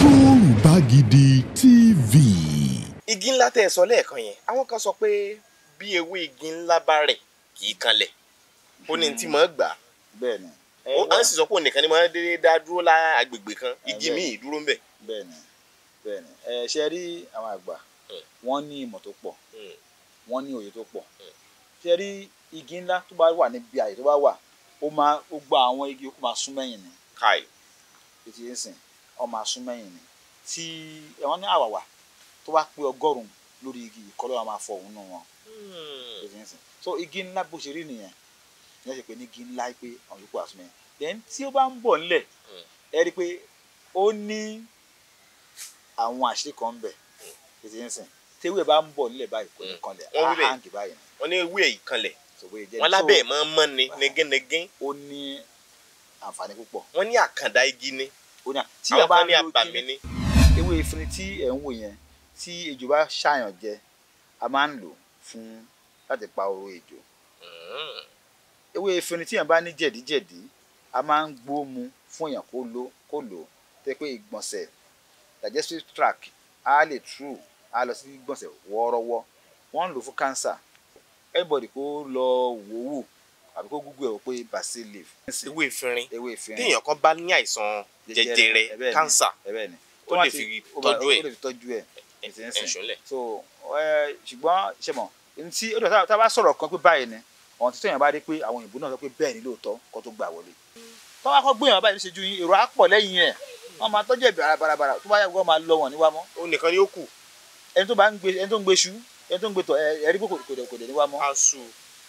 Yorùbá Gidi TV. igi ńlá tẹ́ ẹ sọ lẹ́ẹ̀kan yẹn àwọn kan sọ pé bí ewé igi ńlá bá rẹ̀ kì í kanlẹ̀ ó ní tí mọ̀ gbà. bẹ́ẹ̀ni. ó à ń sì sọ pé òǹkan ni mo dédé dá dúró lá agbègbè kan igi míì dúró ń bẹ̀. bẹ́ẹ̀ni bẹ́ẹ̀ni ẹ ṣe rí àwọn àgbà hmm. wọ́n ní ìmọ̀ tó pọ̀ hmm. wọ́n ní òye tó pọ̀ hmm. ṣe rí igi ńlá tó bá wà níbi àyè tó bá wà ó gba àwọn igi ó máa sún mẹ́yìn ni. káì. ètò yẹn sìn ọmọ asúnmẹ́yìn ni tí wọ́n ní àwàwà tó wá pé ọgọ́rùn-ún lórí igi ìkọlọ́ àwọn afọ òun nù wọn hmm. so igi ńlá bó ṣe rí nìyẹn ìyẹn ṣe pé ní igi ńlá pé àwọn yòókù asúnmẹ́yìn then tí ó bá ń bọ̀ ńlẹ̀ hmm. ẹ rí i pé ó ní àwọn àṣírí kan ń bẹ ètò yẹn sìn tewé bá ń bọ̀ nílẹ̀ báyìí kò ní hmm. kanlẹ̀ áhàǹgì lábẹ́ ẹ̀ máa ń mọ́ ni negínegín. ó ní àǹfààní púpọ̀. wọ́n ní àkàndá igi ni oní tí ẹ bá ń lo kiri ewé efirin tí ẹ ń wò yẹn tí ejò bá ṣàyàn jẹ a máa ń lò fún láti pa oró ejò hmm. ewé efirin tí èèyàn bá ní jẹ̀díjẹ̀dí a máa ń gbó mu fún èèyàn kó lò kó lò tẹ pé ìgbọ̀nsẹ̀ digestive tract á lè tru á lọ sí ìgbọ̀nsẹ̀ wọ́ọ́rọ́wọ́ wọ́n ń lò fún cancer everybody kó lọ wò wò àbí kó google ẹ̀ wò pé basil leaf. ewé ìfinrin ewé ìfinrin téèyàn kan bá ní àìsàn jẹjẹrẹ cancer ó lè fi tọ́jú ẹ̀ ó lè fi tọ́jú ẹ̀ ìṣẹ̀lẹ̀. so ṣùgbọ́n ṣe mọ̀ ntí ó dàgbà tá a bá sọ̀rọ̀ kan pé báyìí ni ọ̀hún tí tóyàn bá dé pé àwọn òyìnbó náà sọ pé bẹ́ẹ̀ ni lóòótọ́ kó tó gbà wọlé. tó bá kọ́ gbóyàn báyìí ṣe ju èrò àpọ̀ lẹ́yìn ẹ̀ wọ́n máa tọ́jú ẹ̀bí barabarabara tó bá yàgò máa lọ wọ̀n níwá mọ́. ó nìkan ni ó kù. ẹni tó ń gbé ṣú ẹni tó ń gbé tọ̀ ẹ̀rí kò dẹ̀ níwá mọ́. asu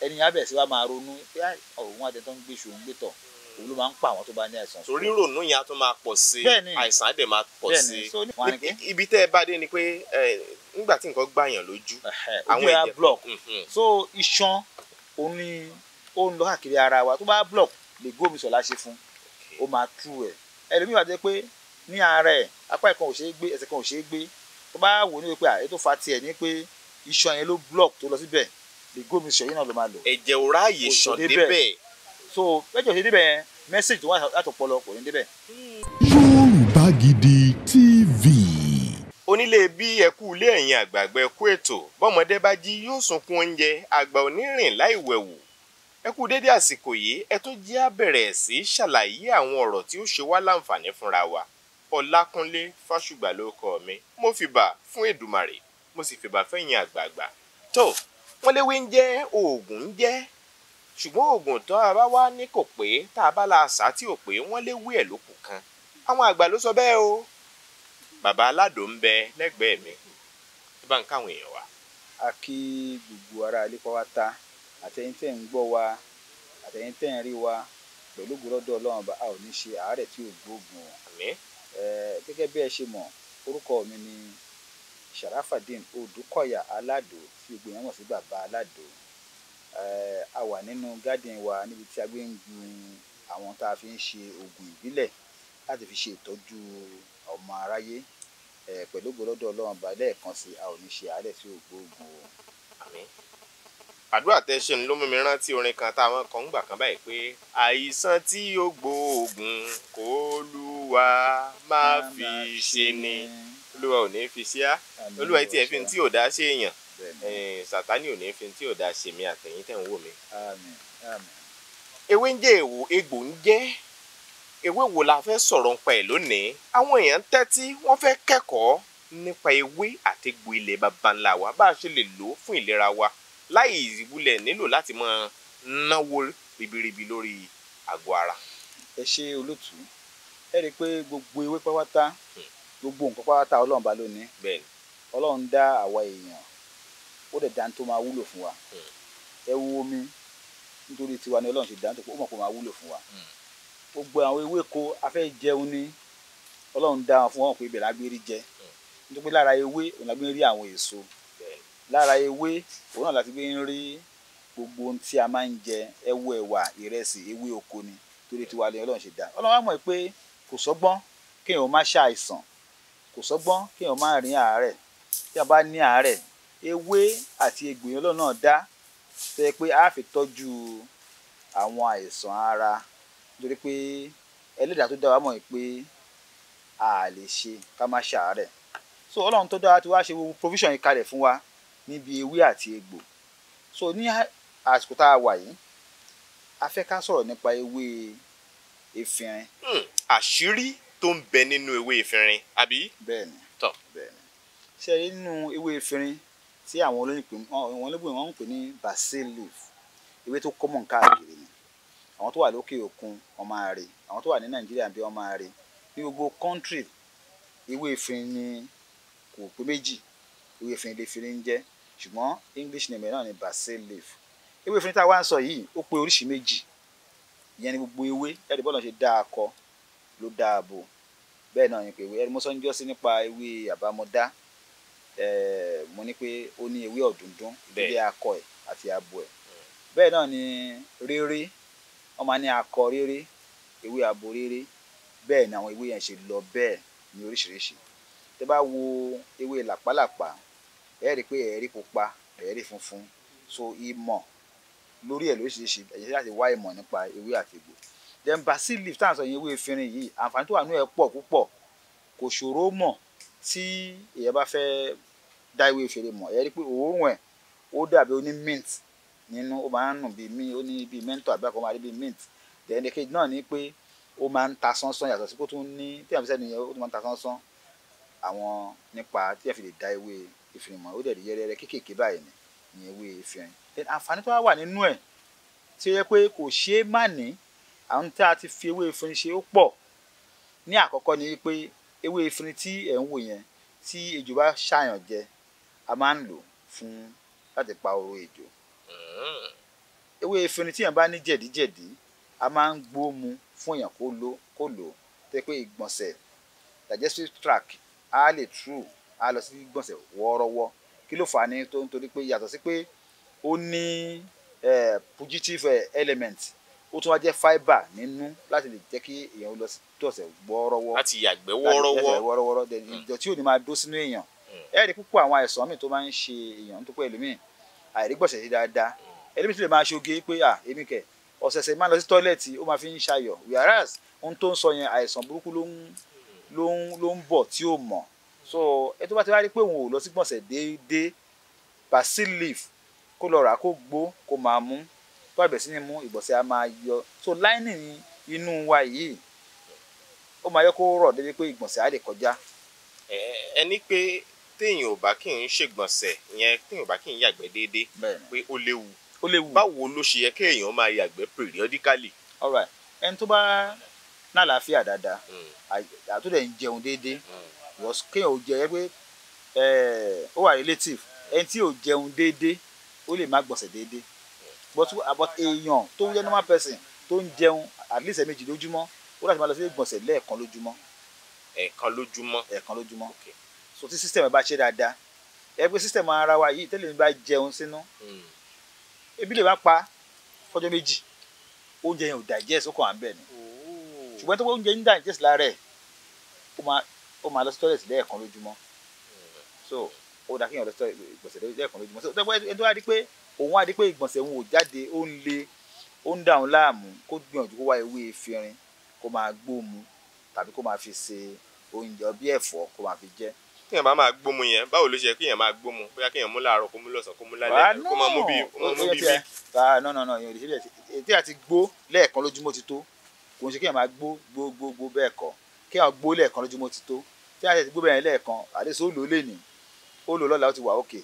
ẹni yẹn abẹ̀ sí wa máa ronú pé òun àtẹ̀tọ́ ń gbé ṣù ń gbé tọ̀ òun ló máa ń pa àwọn tó bá ní àìsàn. torí ronú yẹn a tún máa pọ̀ sí àìsàn á dẹ̀ máa pọ̀ sí ibi tẹ́ ẹ bá dé ni pé nígbà tí nǹkan gbàyàn lójú àwọn ẹ̀jẹ̀ block mhm. so iṣan òun ni ó ń lọ káàkiri ara wa tó bá block lè gómi sọ̀lá ṣe fún ó máa tú ẹ̀ ẹlòmíràn àti pé ní ara ẹ̀ apá ìkan ò ṣeé gbé ẹsẹ̀ kan ò ṣeé gbé tó bá wò ó ní pé àyè tó fa tiẹ̀ ní pé iṣan yẹn ló block tó lọ síbẹ̀ the goal mission yìí náà ló máa lò. ẹ̀jẹ̀ ò ráàyè sàn débẹ̀. so ẹ̀jẹ̀ ò ṣe débẹ̀ yẹn mẹ́sàgì tó wà láti ọpọlọ kò ní débẹ̀. Yorùbá Gidi TV. onílé bí ẹkú ilé ẹ̀yìn àgbààgbà ẹkú ètò bọ́mọdé bá jí yóò sunkún oúnjẹ àgbà onírìn láìwẹ̀wù ẹ kú dédé àsìkò yìí ẹ tún jẹ́ á bẹ̀rẹ̀ sí í ṣàlàyé àwọn ọ̀rọ̀ tí ó ṣe wá láǹfààní fúnra wa ọlákúnlé fásùgbà ló kọ mi mo fìbà fún èdùmàrè mo sì fìbà fẹ́yìn àgbààgbà tó wọ́n léwé ń jẹ́ oògùn ń jẹ́ ṣùgbọ́n oògùn tó a bá wá ní kò pé tá a bá la àṣà tí ò pé wọ́n léwé ẹ̀ lókù kan àwọn àgbà ló sọ bẹ́ẹ̀ o bàbá aládò ń bẹ lẹ́gbẹ̀ẹ́ mi tó bá ń káwọn èèyàn wá. a kí gbogbo ara àlékọ́ wa ta àtẹ̀yìn tẹ̀ ń gbọ́ wa àtẹ̀yìn tẹ̀ ń rí wa pẹ̀lú gbọ́dọ̀ ọlọ́run bá a ò ní ṣe àárẹ̀ tí ò gbóògùn. àmín. gẹ́gẹ́ bí ẹ ṣe mọ̀ orúkọ mi ni sharafadeen odùkọ̀yà aládò tí gbogbo èèyàn sí bàbá aládò eh, a wà nínú garden wa níbi tí a gbé ń gbin àwọn tá a fi ń ṣe oògùn ìbílẹ̀ láti fi ṣe ìtọ́jú ọmọ aráyé eh, pẹ̀lú gbọ́dọ̀ ọlọ́run bá lẹ́ẹ̀kan sí a ò ní ṣe àárẹ̀ tí ò o. àdúrà tẹ ló mú rántí orin kan táwọn kan ń gbà kan báyìí pé àìsàn tí ó gbóògùn kó lúwa máa fi ṣe ni olúwa ò ní fi ṣe á olúwa tí ẹ fi tí ò dá ṣe èèyàn sátánì ò ní fi tí ò dá ṣe mí àtẹ̀yìn tẹ̀ ń wò mí. ewé ń jẹ́ èwo egbò ń jẹ́ ewé wo la fẹ́ sọ̀rọ̀ nípa ẹ̀ lónìí àwọn èèyàn tẹ́tí wọ́n fẹ́ kẹ́kọ̀ọ́ nípa ewé àtẹ̀gbò ilẹ̀ baba ńlá wa bá a ṣe lè lò ó fún ìlera wa láì wulẹ̀ nílò láti máa náwó ribiribi lórí àgọ́ ara. ẹ ṣe olótùú ẹ rí i pé gbogbo ewé pátá hmm gbogbo nǹkan pátá ọlọ́run bá lónìí bẹ́ẹ̀ ọlọ́run dá àwa èèyàn ó dẹ̀ dáa tó máa wúlò fún wa hmm. ẹ wo omi nítorí tiwa ni ọlọ́run ṣe dáa tó ó mọ̀ pé ó máa wúlò fún wa hmm. gbogbo àwọn ewéko afẹ́ jẹun ní ọlọ́run dá wọn fún wọn pé ibẹ̀ lágbérí jẹ hmm. nítorí pé lára ewé òun lágbé ń rí àwọn èso lára ewé òun náà láti gbé ń rí gbogbo ohun tí a máa ń jẹ ẹwọ ẹwà ìrẹsì ewé oko ni torí tiwa ni ọlọ́run ṣe dáa ọlọ́run á mọ̀ pé kò sọ́gbọ́n kéèyàn má ṣàìsàn kò sọ́gbọ́n kéèyàn má rí àárẹ̀ tí a bá ní àárẹ̀ ewé àti egbò yẹn lọ́nà dá tó yẹ pé a fi tọ́jú àwọn àìsàn ara nítorí pé ẹlẹ́dàá tó dá wa pé a lè ṣe ká má ṣàárẹ̀ so ọlọ́run tó dá wa ti wá ṣe gbogbo provision yìí kalẹ̀ fún wa níbi ewé àti egbò so ní àsìkò tá a wà yìí a fẹ́ ká sọ̀rọ̀ nípa ewé efinrin. Hmm, àṣírí. Mm, tó ń bẹ nínú ewé efinrin àbí. bẹ́ẹ̀ni tọ bẹ́ẹ̀ni ṣe rí nínú ewé efinrin tí àwọn olóyìnbó wọn lóbìnrin wọn ń pè ní basil leaf ewé tó kọ́mọ̀ káàkiri ni àwọn tó wà lókè òkun wọn máa rí àwọn tó wà ní nàìjíríà bí wọn máa rí ní gbogbo kọ́ńtírì ewé efinrin ni kò pé méjì ewé efinrin lè efinrin ń jẹ́ ṣùgbọ́n english name náà ni basil leaf ewé efinrin tá a wá ń sọ yìí ó pé oríṣi méjì ìyẹn ni gbogbo ewé jáde bọ́ọ̀lù ṣe dáa kọ ló dáa bò bẹ́ẹ̀ náà ni pé ewé mo sọ ń jọ́sí nípa ewé àbámọ́dá mo ní pé ó ní ewé ọ̀dùndún ilé akọ ẹ̀ àti abo ẹ̀ hmm. bẹ́ẹ̀ náà ni rere wọ́n máa ní akọ rere ewé abo rere bẹ́ẹ̀ ni àwọn ewé yẹn ṣe lọ bẹ́ẹ̀ ní oríṣiríṣi tẹ́ bá wo ewé làpálàpá ẹ rí i pé ẹ̀rí pupa ẹ̀rí funfun so ìmọ̀ lórí ẹ̀ lóríṣiríṣi ẹ̀yẹ́ láti wá ìmọ̀ nípa ewé àti egbò then basil leaf tá à ń sọ yẹn ewé efinrin yìí àǹfààní tó wà nínú ẹ̀ pọ̀ púpọ̀ kò ṣòro mọ̀ tí èèyàn bá fẹ́ dá ewé efinrin mọ̀ ẹ rí i pé òórùn ẹ̀ ó dàbí ó ní mint nínú ó máa ń nù bíi mint ó ní bíi mento àbí àkọ́kọ́ máa mint then the kejì náà ni pé ó máa ń ta sánsán yàtọ̀ sí kó tún ní tí àbí sẹ́ni yẹn ó tún máa ń ta sánsán àwọn nípa tí ẹ fi lè dá ewé efinrin mọ̀ ó dẹ̀ rí yẹ́rẹ́rẹ́ kéékèèké báyìí ni ni ewé then àǹfààní tó wà nínú ẹ̀ tí ó yẹ pé kò ṣeé má ní àwọn tí a ti fi ewé efirin ṣe ó pọ̀ ní àkọ́kọ́ ni pé ewé efirin tí ẹ̀ ń wò yẹn tí ejò bá ṣàyàn jẹ a máa ń lò fún láti pa oró ejò ewé efirin tí èèyàn bá ní jẹ̀díjẹ̀dí a máa ń gbó mu fún èèyàn kó lò kó lò tẹ́ pé ìgbọ̀nsẹ̀ digestive tract á lè true á lọ sí ìgbọ̀nsẹ̀ wọ́ọ́rọ́wọ́ kí ló fà á ní tó nítorí pé yàtọ̀ sí pé ó ní eh, pugitive eh, element ó tún wá jẹ́ fibre nínú láti lè jẹ́ kí èèyàn lọ tọ̀sẹ̀ wọ́ọ́rọ́wọ́ láti yàgbẹ́ wọ́ọ́rọ́wọ́ wọ́ọ́rọ́wọ́ hmm. ìdọ̀tí ò ní máa dó sínú èèyàn hmm. ẹ̀rí púpọ̀ àwọn àìsàn míì tó máa ń ṣe èèyàn tó pọ̀ ẹlòmíì àìrígbọ̀nsẹ̀ sí dáadáa ẹlòmíì tó lè máa ṣoge pé à èmi kẹ̀ ọ̀sẹ̀sẹ̀ máa lọ sí tọ́ílẹ̀tì ó máa fi ń ṣayọ̀ whereas ohun tó ń sọ yẹn àìsàn burúkú ló ń ló ń ló ń bọ̀ tí ò mọ̀ so ẹ tó bá ti wá rí pé òun ò lọ sí gbọ̀nsẹ̀ déédéé basil leaf kó lọ rà kó gbó kó máa mú tó àbẹ̀ sí ni mú ìgbọ̀nsẹ̀ a máa yọ so lining inú wa yìí ó máa yẹ kó rọ̀ débi pé ìgbọ̀nsẹ̀ á lè kọjá. ẹni pé téèyàn ò bá kí n ṣègbọ̀nsẹ̀ yẹn téèyàn ò bá kí n yàgbẹ́ déédéé pé ó léwu ó léwu báwo ló ṣe yẹ kéèyàn máa yàgbẹ́ periodically. all right ẹni tó bá nálàáfíà dáadáa hmm. àtúndẹ̀ ń jẹun déédéé hmm. kéèyàn ò jẹ ẹ pé ó wà relative ẹni tí ò jẹun déédéé ó lè má gbọ̀nsẹ̀ déédéé but about èèyàn tó jẹ́ normal person tó ń jẹun at least ẹ̀ẹ̀mejì lójúmọ́ ó láti máa lọ sí ìgbọ̀nsẹ̀ lẹ́ẹ̀kan lójúmọ́. ẹ̀ẹ̀kan lójúmọ́. ẹ̀ẹ̀kan lójúmọ́ so tí system bá ṣe dáadáa ẹ pé system ara wa yìí tẹ́lẹ̀ mi bá jẹun sínú hmm. ebi lè bá pa fọjọ́ méjì oúnjẹ yẹn ò digest ó kàn án bẹ́ẹ̀ ni oh. ṣùgbọ́n tó pé oúnjẹ ń digest lára ẹ̀ ó máa lọ sí toilet lẹ́ẹ̀kan lójúmọ́ hmm. so ó dá kéèyàn lọ sọ ìgbọ̀nsẹ̀ lẹ́ẹ̀kan lójúmọ́ tó tẹ́gbẹ́ ẹni tó wá di pé òun á di pé ìgbọ̀nsẹ̀ òun ò jáde ó ń le ó ń dà òun láàmú kó gbìyànjú kó wá ewé efirin kó máa gbóòmù tàbí kó máa fi ṣe oúnjẹ bí ẹ̀fọ́ kó máa fi jẹ kéèyàn bá máa gbómu yẹn báwo ló ṣe kéèyàn máa gbómu bóyá kéèyàn mú láàárọ̀ kó mú lọ́sàn kó mú lálẹ́ kó máa mú bí bí ó lò lọ́la ó ti wà òkè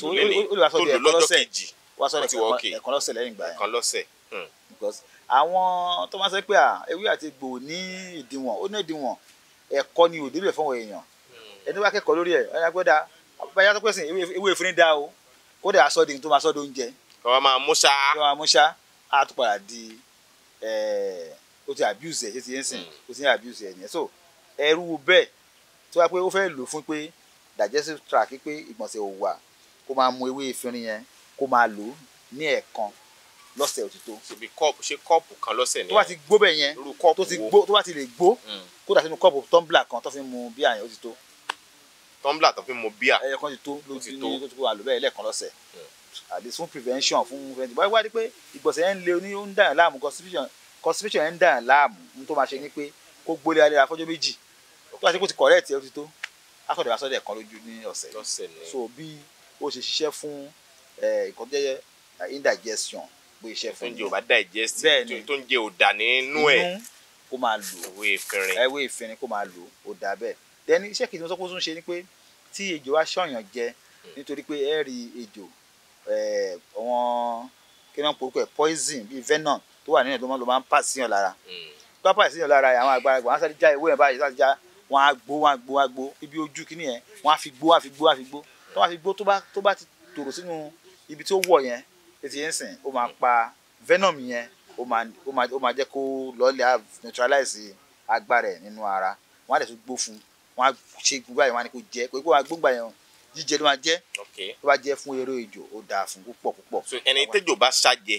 tó lò lọ́jọ́ kejì ó ti wà òkè ẹ̀kan lọ́sẹ̀ lẹ́yìn ìgbà yẹn ẹ̀kan lọ́sẹ̀ hmm. because àwọn tó máa ń sọ pé ah, ewé àti egbò ní ìdíwọ̀n ó ní ìdíwọ̀n ẹ̀kọ́ ni ò débẹ̀ fún èèyàn hmm. ẹni bá kẹ́kọ̀ọ́ lórí ẹ̀ ọ̀yà gbọ́dá báyà tó pèsè ewé ìfúnni dá o ó dẹ̀ aṣọ́ di tó máa sọ́ di oúnjẹ. ọba máa mú ṣá. ọba máa mú ṣá á tún padà di ó ti abuse ẹ̀ ṣe ti yẹn sìn hmm. ó ti yẹn abuse ẹ̀ nìyẹn so ẹrú bẹ́ẹ̀ tó wá pé ó fẹ́ lò fún pé digestive tract pé ìgbọ̀nsẹ̀ ò wà kó máa mu ewé efinrin yẹn kó máa lò ní ẹ̀ẹ̀kan lọ́sẹ̀ òtítọ́. ṣèbí kọ́ọ̀pù ṣe kọ́ọ̀pù kan lọ́sẹ̀ ni. tó bá ti gbó bẹ́ẹ̀ yẹn tó ti gbó tó bá ti lè gbó hmm. kó dà sínú kọ́ọ̀pù tọ́ḿbìlà kan tó fi mu bíà yẹn òtítọ́. tọ́ḿbìlà tó fi mu bíà. ẹyọ kan ti tó ló ti ní tó ti wà lò bẹ́ẹ̀ lẹ́ẹ̀kan lọ́sẹ̀. àti hmm. fún prevention fún fẹ́ntì wáyé wá dé pé ìgbọ̀nsẹ̀ yẹn ń le oní ń dàn láàmú constipation yẹn ń dàn láàmú tó máa ṣe ni pé kó akọ̀dọ̀ bá sọ́dọ̀ ẹ̀kan lójú ní ọ̀sẹ̀ yìí so bí ó ṣe ṣiṣẹ́ fún nǹkan tó jẹ́ indigestion bó ṣiṣẹ́ fún mi. tó ń jẹ òbá digest tó ń jẹ òdà nínú ẹ̀ kó máa lò ẹwé ìfinrin ẹwé ìfinrin kó máa lò ó dà bẹ́ẹ̀ then iṣẹ́ kìí tí mo sọ pé ó tún ṣe ni pé tí ejò wa ṣọ̀yàn jẹ hmm. nítorí pé ẹ rí ejò wọn kí wọ́n porúkọ ẹ̀ poison bíi venom tó wà nínú ẹ̀ ló máa ń pàṣíyàn lára hmm. tó bá pàṣíyàn lára àwọn àgbàlagbà wọn sáré já ewé yẹn báyìí sáré já wọn á gbó wọn á gbó wọn á gbó ibi ojú kìíní yẹn wọn á fi gbó wọn á fi gbó wọn á fi gbó tó bá fi gbó tó bá tó bá ti tòrò sínú ibi tó wọ̀ yẹn ètò yẹn sìn ó máa pa venom yẹn ó máa ó kó lọ́ọ̀lẹ̀ neutralize agbára ẹ̀ nínú ara wọn á dẹ̀ tún gbó fún wọn á ṣe gbogbo àyẹ̀wò wọn á ní kó jẹ́ pé kó wọn á gbóngbà yẹn jíjẹ ló máa jẹ́ tó bá jẹ́ fún eré ìjò ó dáa fún púpọ̀ púpọ̀. so ẹni tẹ́jọ́ bá ṣàjẹ́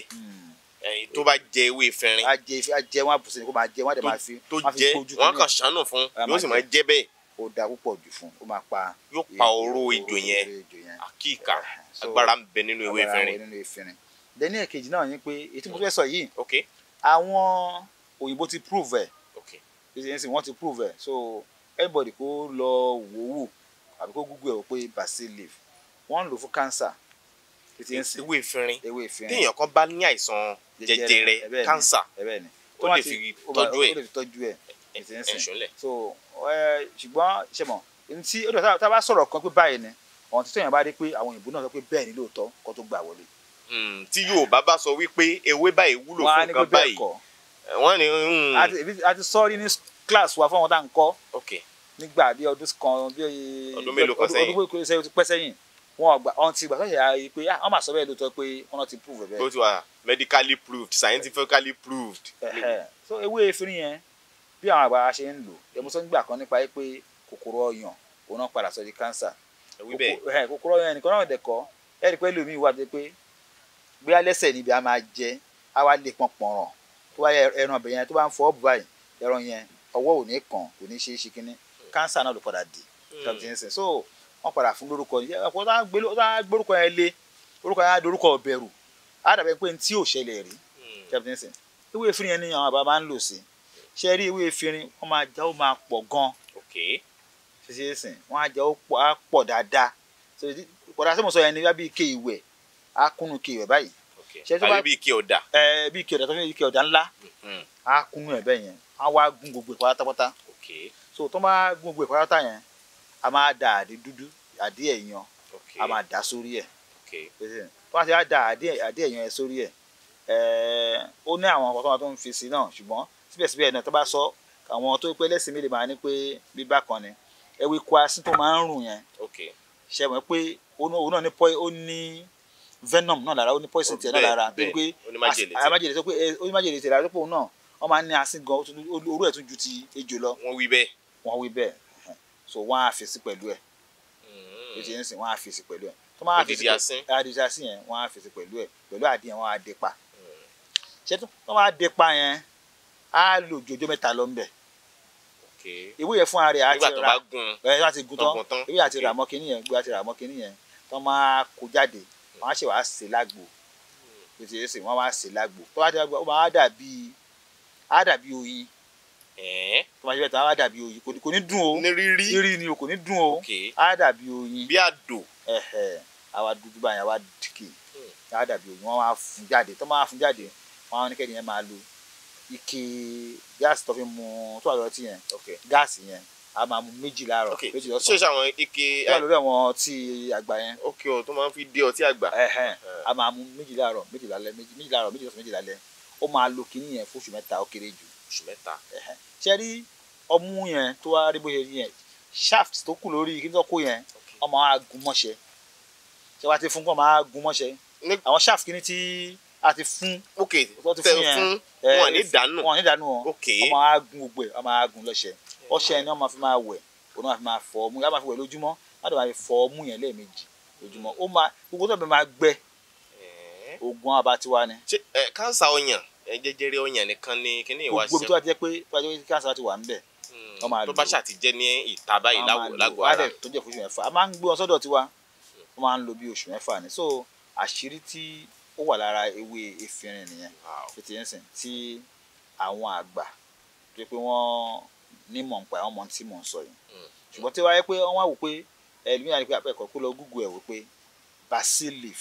ẹyin tó bá jẹ ewé fẹrin. a jẹ a jẹ wọn àbùsùn kó máa jẹ wọn àdè máa fi tó jẹ wọn kàn ṣàánú fún yóò sì máa jẹ bẹ́ẹ̀. O da púpọ̀ jù fún ó máa pa. yóò pa oró ejò yẹn àkíkà agbára ń bẹ nínú ewé fẹrin. dẹ́ni ẹ̀kejì náà yín pé ètò ìmọ̀tò sọ yìí àwọn òyìnbó ti prove ẹ̀ wọ́n ti prove ẹ̀ so everybody kó lọ wò wò àbí kó google ẹ̀ wò pé basil leaf wọ́n ń lò fún cancer ewé efinrin téèyàn kan bá ní àìsàn jẹjẹrẹ kánsà ó lè fi tọ́jú ẹ̀ ìṣọ́lẹ̀. so ṣùgbọ́n ṣe mọ̀ ntí ó dàgbà tá a bá sọ̀rọ̀ kan pé báyìí ni ọ̀hún tí tẹ̀yìn bá dé pé àwọn òyìnbó náà sọ pé bẹ́ẹ̀ ni lóòótọ́ kó tó gbà wọlé. Hmm, tí Yorùbá bá sọ wípé ewé báyìí wúlò fún nǹkan báyìí wọ́n ní. Hmm. a ti sọ rí ní class wa fún àwọn tá à ń kọ́ nígbà bí ọdún kan bí ọdún mélòó kan sẹ́yìn ọdún mélòó kan sẹ́yìn ó ti pẹ́ sẹ́yìn wọn àgbà ọ̀n ti gbà tó ṣe àyè pé ah, wọ́n máa sọ bẹ́ẹ̀ lóòótọ́ pé wọ́n ti prove bẹ́ẹ̀. ó ti wà medically proved scientifically proved. so ewé efirin yẹn bí àwọn àgbà ṣe ń lò ẹmúsọ nígbà kan nípa pé kòkòrò ọyàn òun náà padà sọ di cancer. kòkòrò ọyàn ẹnìkan náà dẹ̀kọ́ ẹ̀rí pé lómi wà dé pé bóyá lẹ́sẹ̀ níbi a máa jẹ a wá lè pọn pọ̀nràn tó bá yẹ ẹran ọbẹ̀ yẹn tó bá ń fọ́ bù báyìí ẹran yẹn ọwọ́ ò ní kàn kò ní ṣe é ṣe kínní hmm. cancer náà ló padà dì. Hmm. so wọ́n padà fún lórúkọ yẹn àpò tó á gbórúkọ yẹn lé orúkọ yẹn á dorúkọ bẹ̀rù á dàbẹ̀ pé tí ò ṣẹlẹ̀ rí kẹ́pítẹ́nsì hmm. ewé efirin yẹn ni àwọn bàbá máa ń lò sí ṣe rí ewé efirin wọ́n máa já ó máa pọ̀ gan ṣíṣe sìn wọ́n á já ó pọ̀ dáadáa pọ̀dà sọ́mọ̀ sọ yẹn ni bí ike ìwẹ̀ á kúnnu ike ìwẹ̀ báyìí àbí bí ike ọ̀dà bí ike ọ̀dà tó ń bí ike ọ̀dà ńlá hmm. á kúnnu ẹ̀ bẹ́ẹ̀ yẹn á wá gún gbogbo ìpàdà pátápátá so tó máa gún gbogbo ìpàdà pátápátá yẹn a máa da àdé dúdú àdé ẹ̀yàn a máa dà sórí ẹ̀ wọ́n ti wá da àdé ẹ̀yàn ẹ̀ sórí ẹ̀ ó ní àwọn ọkọ̀ tó máa tó ń fi sí náà ṣùgbọ́n síbẹ̀síbẹ̀ náà tó bá sọ àwọn tó pé lẹ́sìn mi lè máa ní pé bíbá kan ni ẹ̀wù ikú asín tó máa ń rùn yẹn ṣe mọ̀ pé òun náà ní ó ní venom náà lára ó ní poison tiẹ̀ náà lára pé pé amájèlè tó pé onímájèlè tiẹ̀ lára tó pé òun náà wọ́n máa ń ní asín gan orú ẹ̀ tún ju ti ejò lọ. wọ́n wí bẹ́ẹ̀. wọ́n wí bẹ́ẹ̀ so wọ́n á fèsì pẹ̀lú ẹ̀ o ti yẹn sìn wọ́n á fèsì pẹ̀lú ẹ̀ tó máa fèsì adìsí asín yẹn wọ́n á fèsì pẹ̀lú ẹ̀ pẹ̀lú àdìyẹn wọ́n á dé pa hmm. ṣé tó máa dé pa yẹn á lò jòjó mẹ́ta lọ ńbẹ̀ ìwé yẹn fún ara ẹ̀ àti ra ẹ̀ láti gun tán ìwé àti ràmọ́ kínní yẹn gbé àti ràmọ́ kínní yẹn tó máa kó jáde hmm. wọ́n á ṣe wàá sè lágbo o ti yẹn sìn wọ́n á sè lágbo tó bá dé lágbo ó máa dàbí á dàbí oyin tó máa ṣe bẹ́ẹ̀ tán á dàbí oyin kò ní dùn o ní rírí rírí ni o kò ní dùn o á dàbí oyin bí àdò àwa dúdú báyìí àwa dìkì hmm. á dàbí oyin wọ́n máa fún jáde tó máa fún jáde wọ́n á ní kẹ́ni yẹn máa lo ike gáàsì tó fi mu tó wà lọ́tí yẹn gáàsì yẹn a máa mu méjì láàárọ̀ méjì lọ́sàn-án ṣé ṣàwọn ike tó wà lórí àwọn ọtí àgbà yẹn. ok o tó máa ń fi dé ọtí àgbà. Hmm. a máa mu méjì láàárọ̀ méjì lálẹ́ méjì láàárọ̀ méjì lọ́sàn-án méjì lálẹ́ ó máa lo kinní yẹn fóṣù mẹ́ta ó kéré jù oṣù mẹ́ta. ṣe rí ọmú yẹn tó wá rí bó ṣe rí yẹn shaft tó kù lórí kí n tó kó yẹn ọmọ á gun mọ́ṣẹ́ ṣe wá ti fún kọ́ ọmọ á gun mọ́ṣẹ́ àwọn shaft kìíní tí a ti fún tó ti fún yẹn wọn ní dànù wọn ní dànù ọmọ á gun gbogbo ẹ ọmọ á gun lọ́ṣẹ ọṣẹ ni wọn máa fi máa wẹ̀ òun máa fi máa fọ ọmú yẹn máa fi wẹ̀ lójúmọ́ láti máa fi fọ ọmú yẹn lẹ́ẹ̀mejì lójúmọ́ ó máa gbogbo tó bẹ máa gbẹ oògùn abatiwa ni. ṣe ẹ káńsà ọyàn jẹjẹrẹ ọyàn nìkan ni kíní ìwà ṣiṣẹ́. gbogbo tó bá jẹ́ pé tó bá jẹ́ pé káàsà ti wà ń bẹ̀. Hmm, tó bá ṣàti jẹ́ ní ìta báyìí lágọ̀ọ́ ara. tó jẹ́ fún oṣù mẹ́fà a máa ń gbé wọn sọ́dọ̀ tiwa wọ́n máa ń lo bí oṣù mẹ́fà ni so àṣírí tí ó wà lára ewé efirin nìyẹn fifty ensign tí àwọn àgbà tó yẹ pé wọ́n ní mọ̀ nípa àwọn ọmọ tí mò ń sọ yìí hmm, hmm. ṣùgbọ́n tí wáyé pé wọ́n wá wò pé ẹlòmíì àti pé àpẹẹkọ kó lọ Google ẹ̀ wò pé basil leaf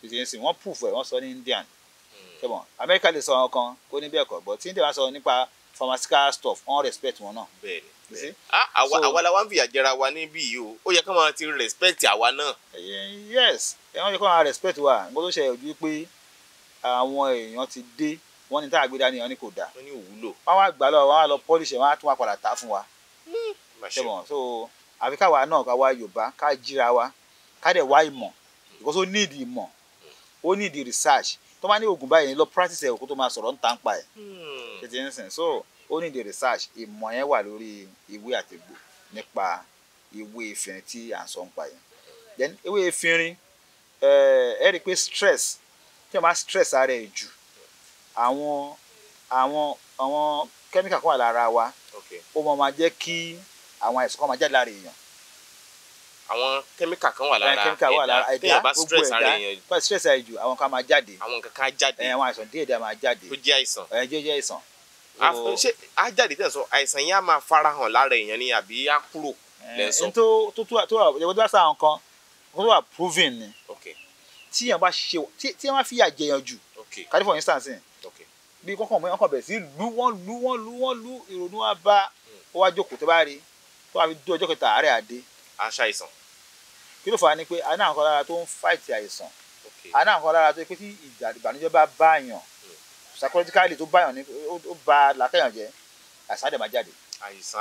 fifty ensign wọ́n pùfọ̀ ẹ̀ wọ́n sọ ní Indian. Mm ṣẹ̀mọ̀ amẹ́ríkà lè sọ ọkàn kó ní bẹ́ẹ̀ kọ́ but tí n tẹ̀ wá sọ nípa pharmaceutical stuff on respect wọn náà. bẹ́ẹ̀ni bẹ́ẹ̀ni àwa àwa la wá ń fìyà jẹra wa níbí yìí o ó yẹ kí wọn ti respect àwa náà. Eh, yes ẹ wọ́n yẹ kí wọn respect wa nǹkan tó ṣe ojú pé àwọn èèyàn ti dé wọ́n ní tá a gbé dání wọn ni kò dáa. wọ́n ní òwúlò. wọ́n wá gbà lọ wọ́n wá lọ pọ́líṣẹ̀ wọ́n á tún wá padà tà fún wa. Hmm, ṣẹ̀mọ̀ so àfi káwa náà káwa Yorùbá ká jíra wa ká dẹ̀ wá ìmọ̀ because ó need ìmọ̀ ó need research tó bá ní oògùn báyìí ni lọ practice ẹ̀ kó tó máa sọ̀rọ̀ ń tà ń pa ẹ̀ hmm. ṣètì ẹ̀ ń sìn so ó ní the research ìmọ̀ yẹn wà lórí ewé àtẹ̀gbò nípa ewé efinrin tí à ń sọ ń pa yẹn then ewé efinrin eh, ẹ rí i pé stress tí wọ́n bá stress ara ẹ̀ jù àwọn àwọn àwọn kẹ́míkà kan wà lára wa ó máa máa jẹ́ kí àwọn àìsàn kan máa jáde lára èèyàn àwọn kẹ́míkà kan wà lára kẹ́míkà wà lára ẹ̀dá gbogbo ẹ̀dá bá stress ara jù àwọn kan máa jáde àwọn kan ká jáde àwọn àìsàn díẹ̀ díẹ̀ máa jáde tó jẹ́ àìsàn ẹ̀ jẹ́ jẹ́ àìsàn. ṣé ajáde tẹ̀ àìsàn yẹn á máa farahàn lára èèyàn ni àbí á kúrò lẹ́sọ̀. n tó tó tó tó ìyàwó tó bá sáà nǹkan kó tó wà proven ni tí èèyàn bá ṣe tí èèyàn bá fi àjẹyàn jù kárí for instance bí kọ́kàn kí ló fà á ni pé a ní àwọn kan lára tó ń fáìtì àìsàn a ní àwọn kan lára tó pé tí ìbànújẹ́ bá báyàn hmm. psychologically tó báyàn ni ó ba làkàyàn jẹ́ àìsàn àdèmà jáde. àìsàn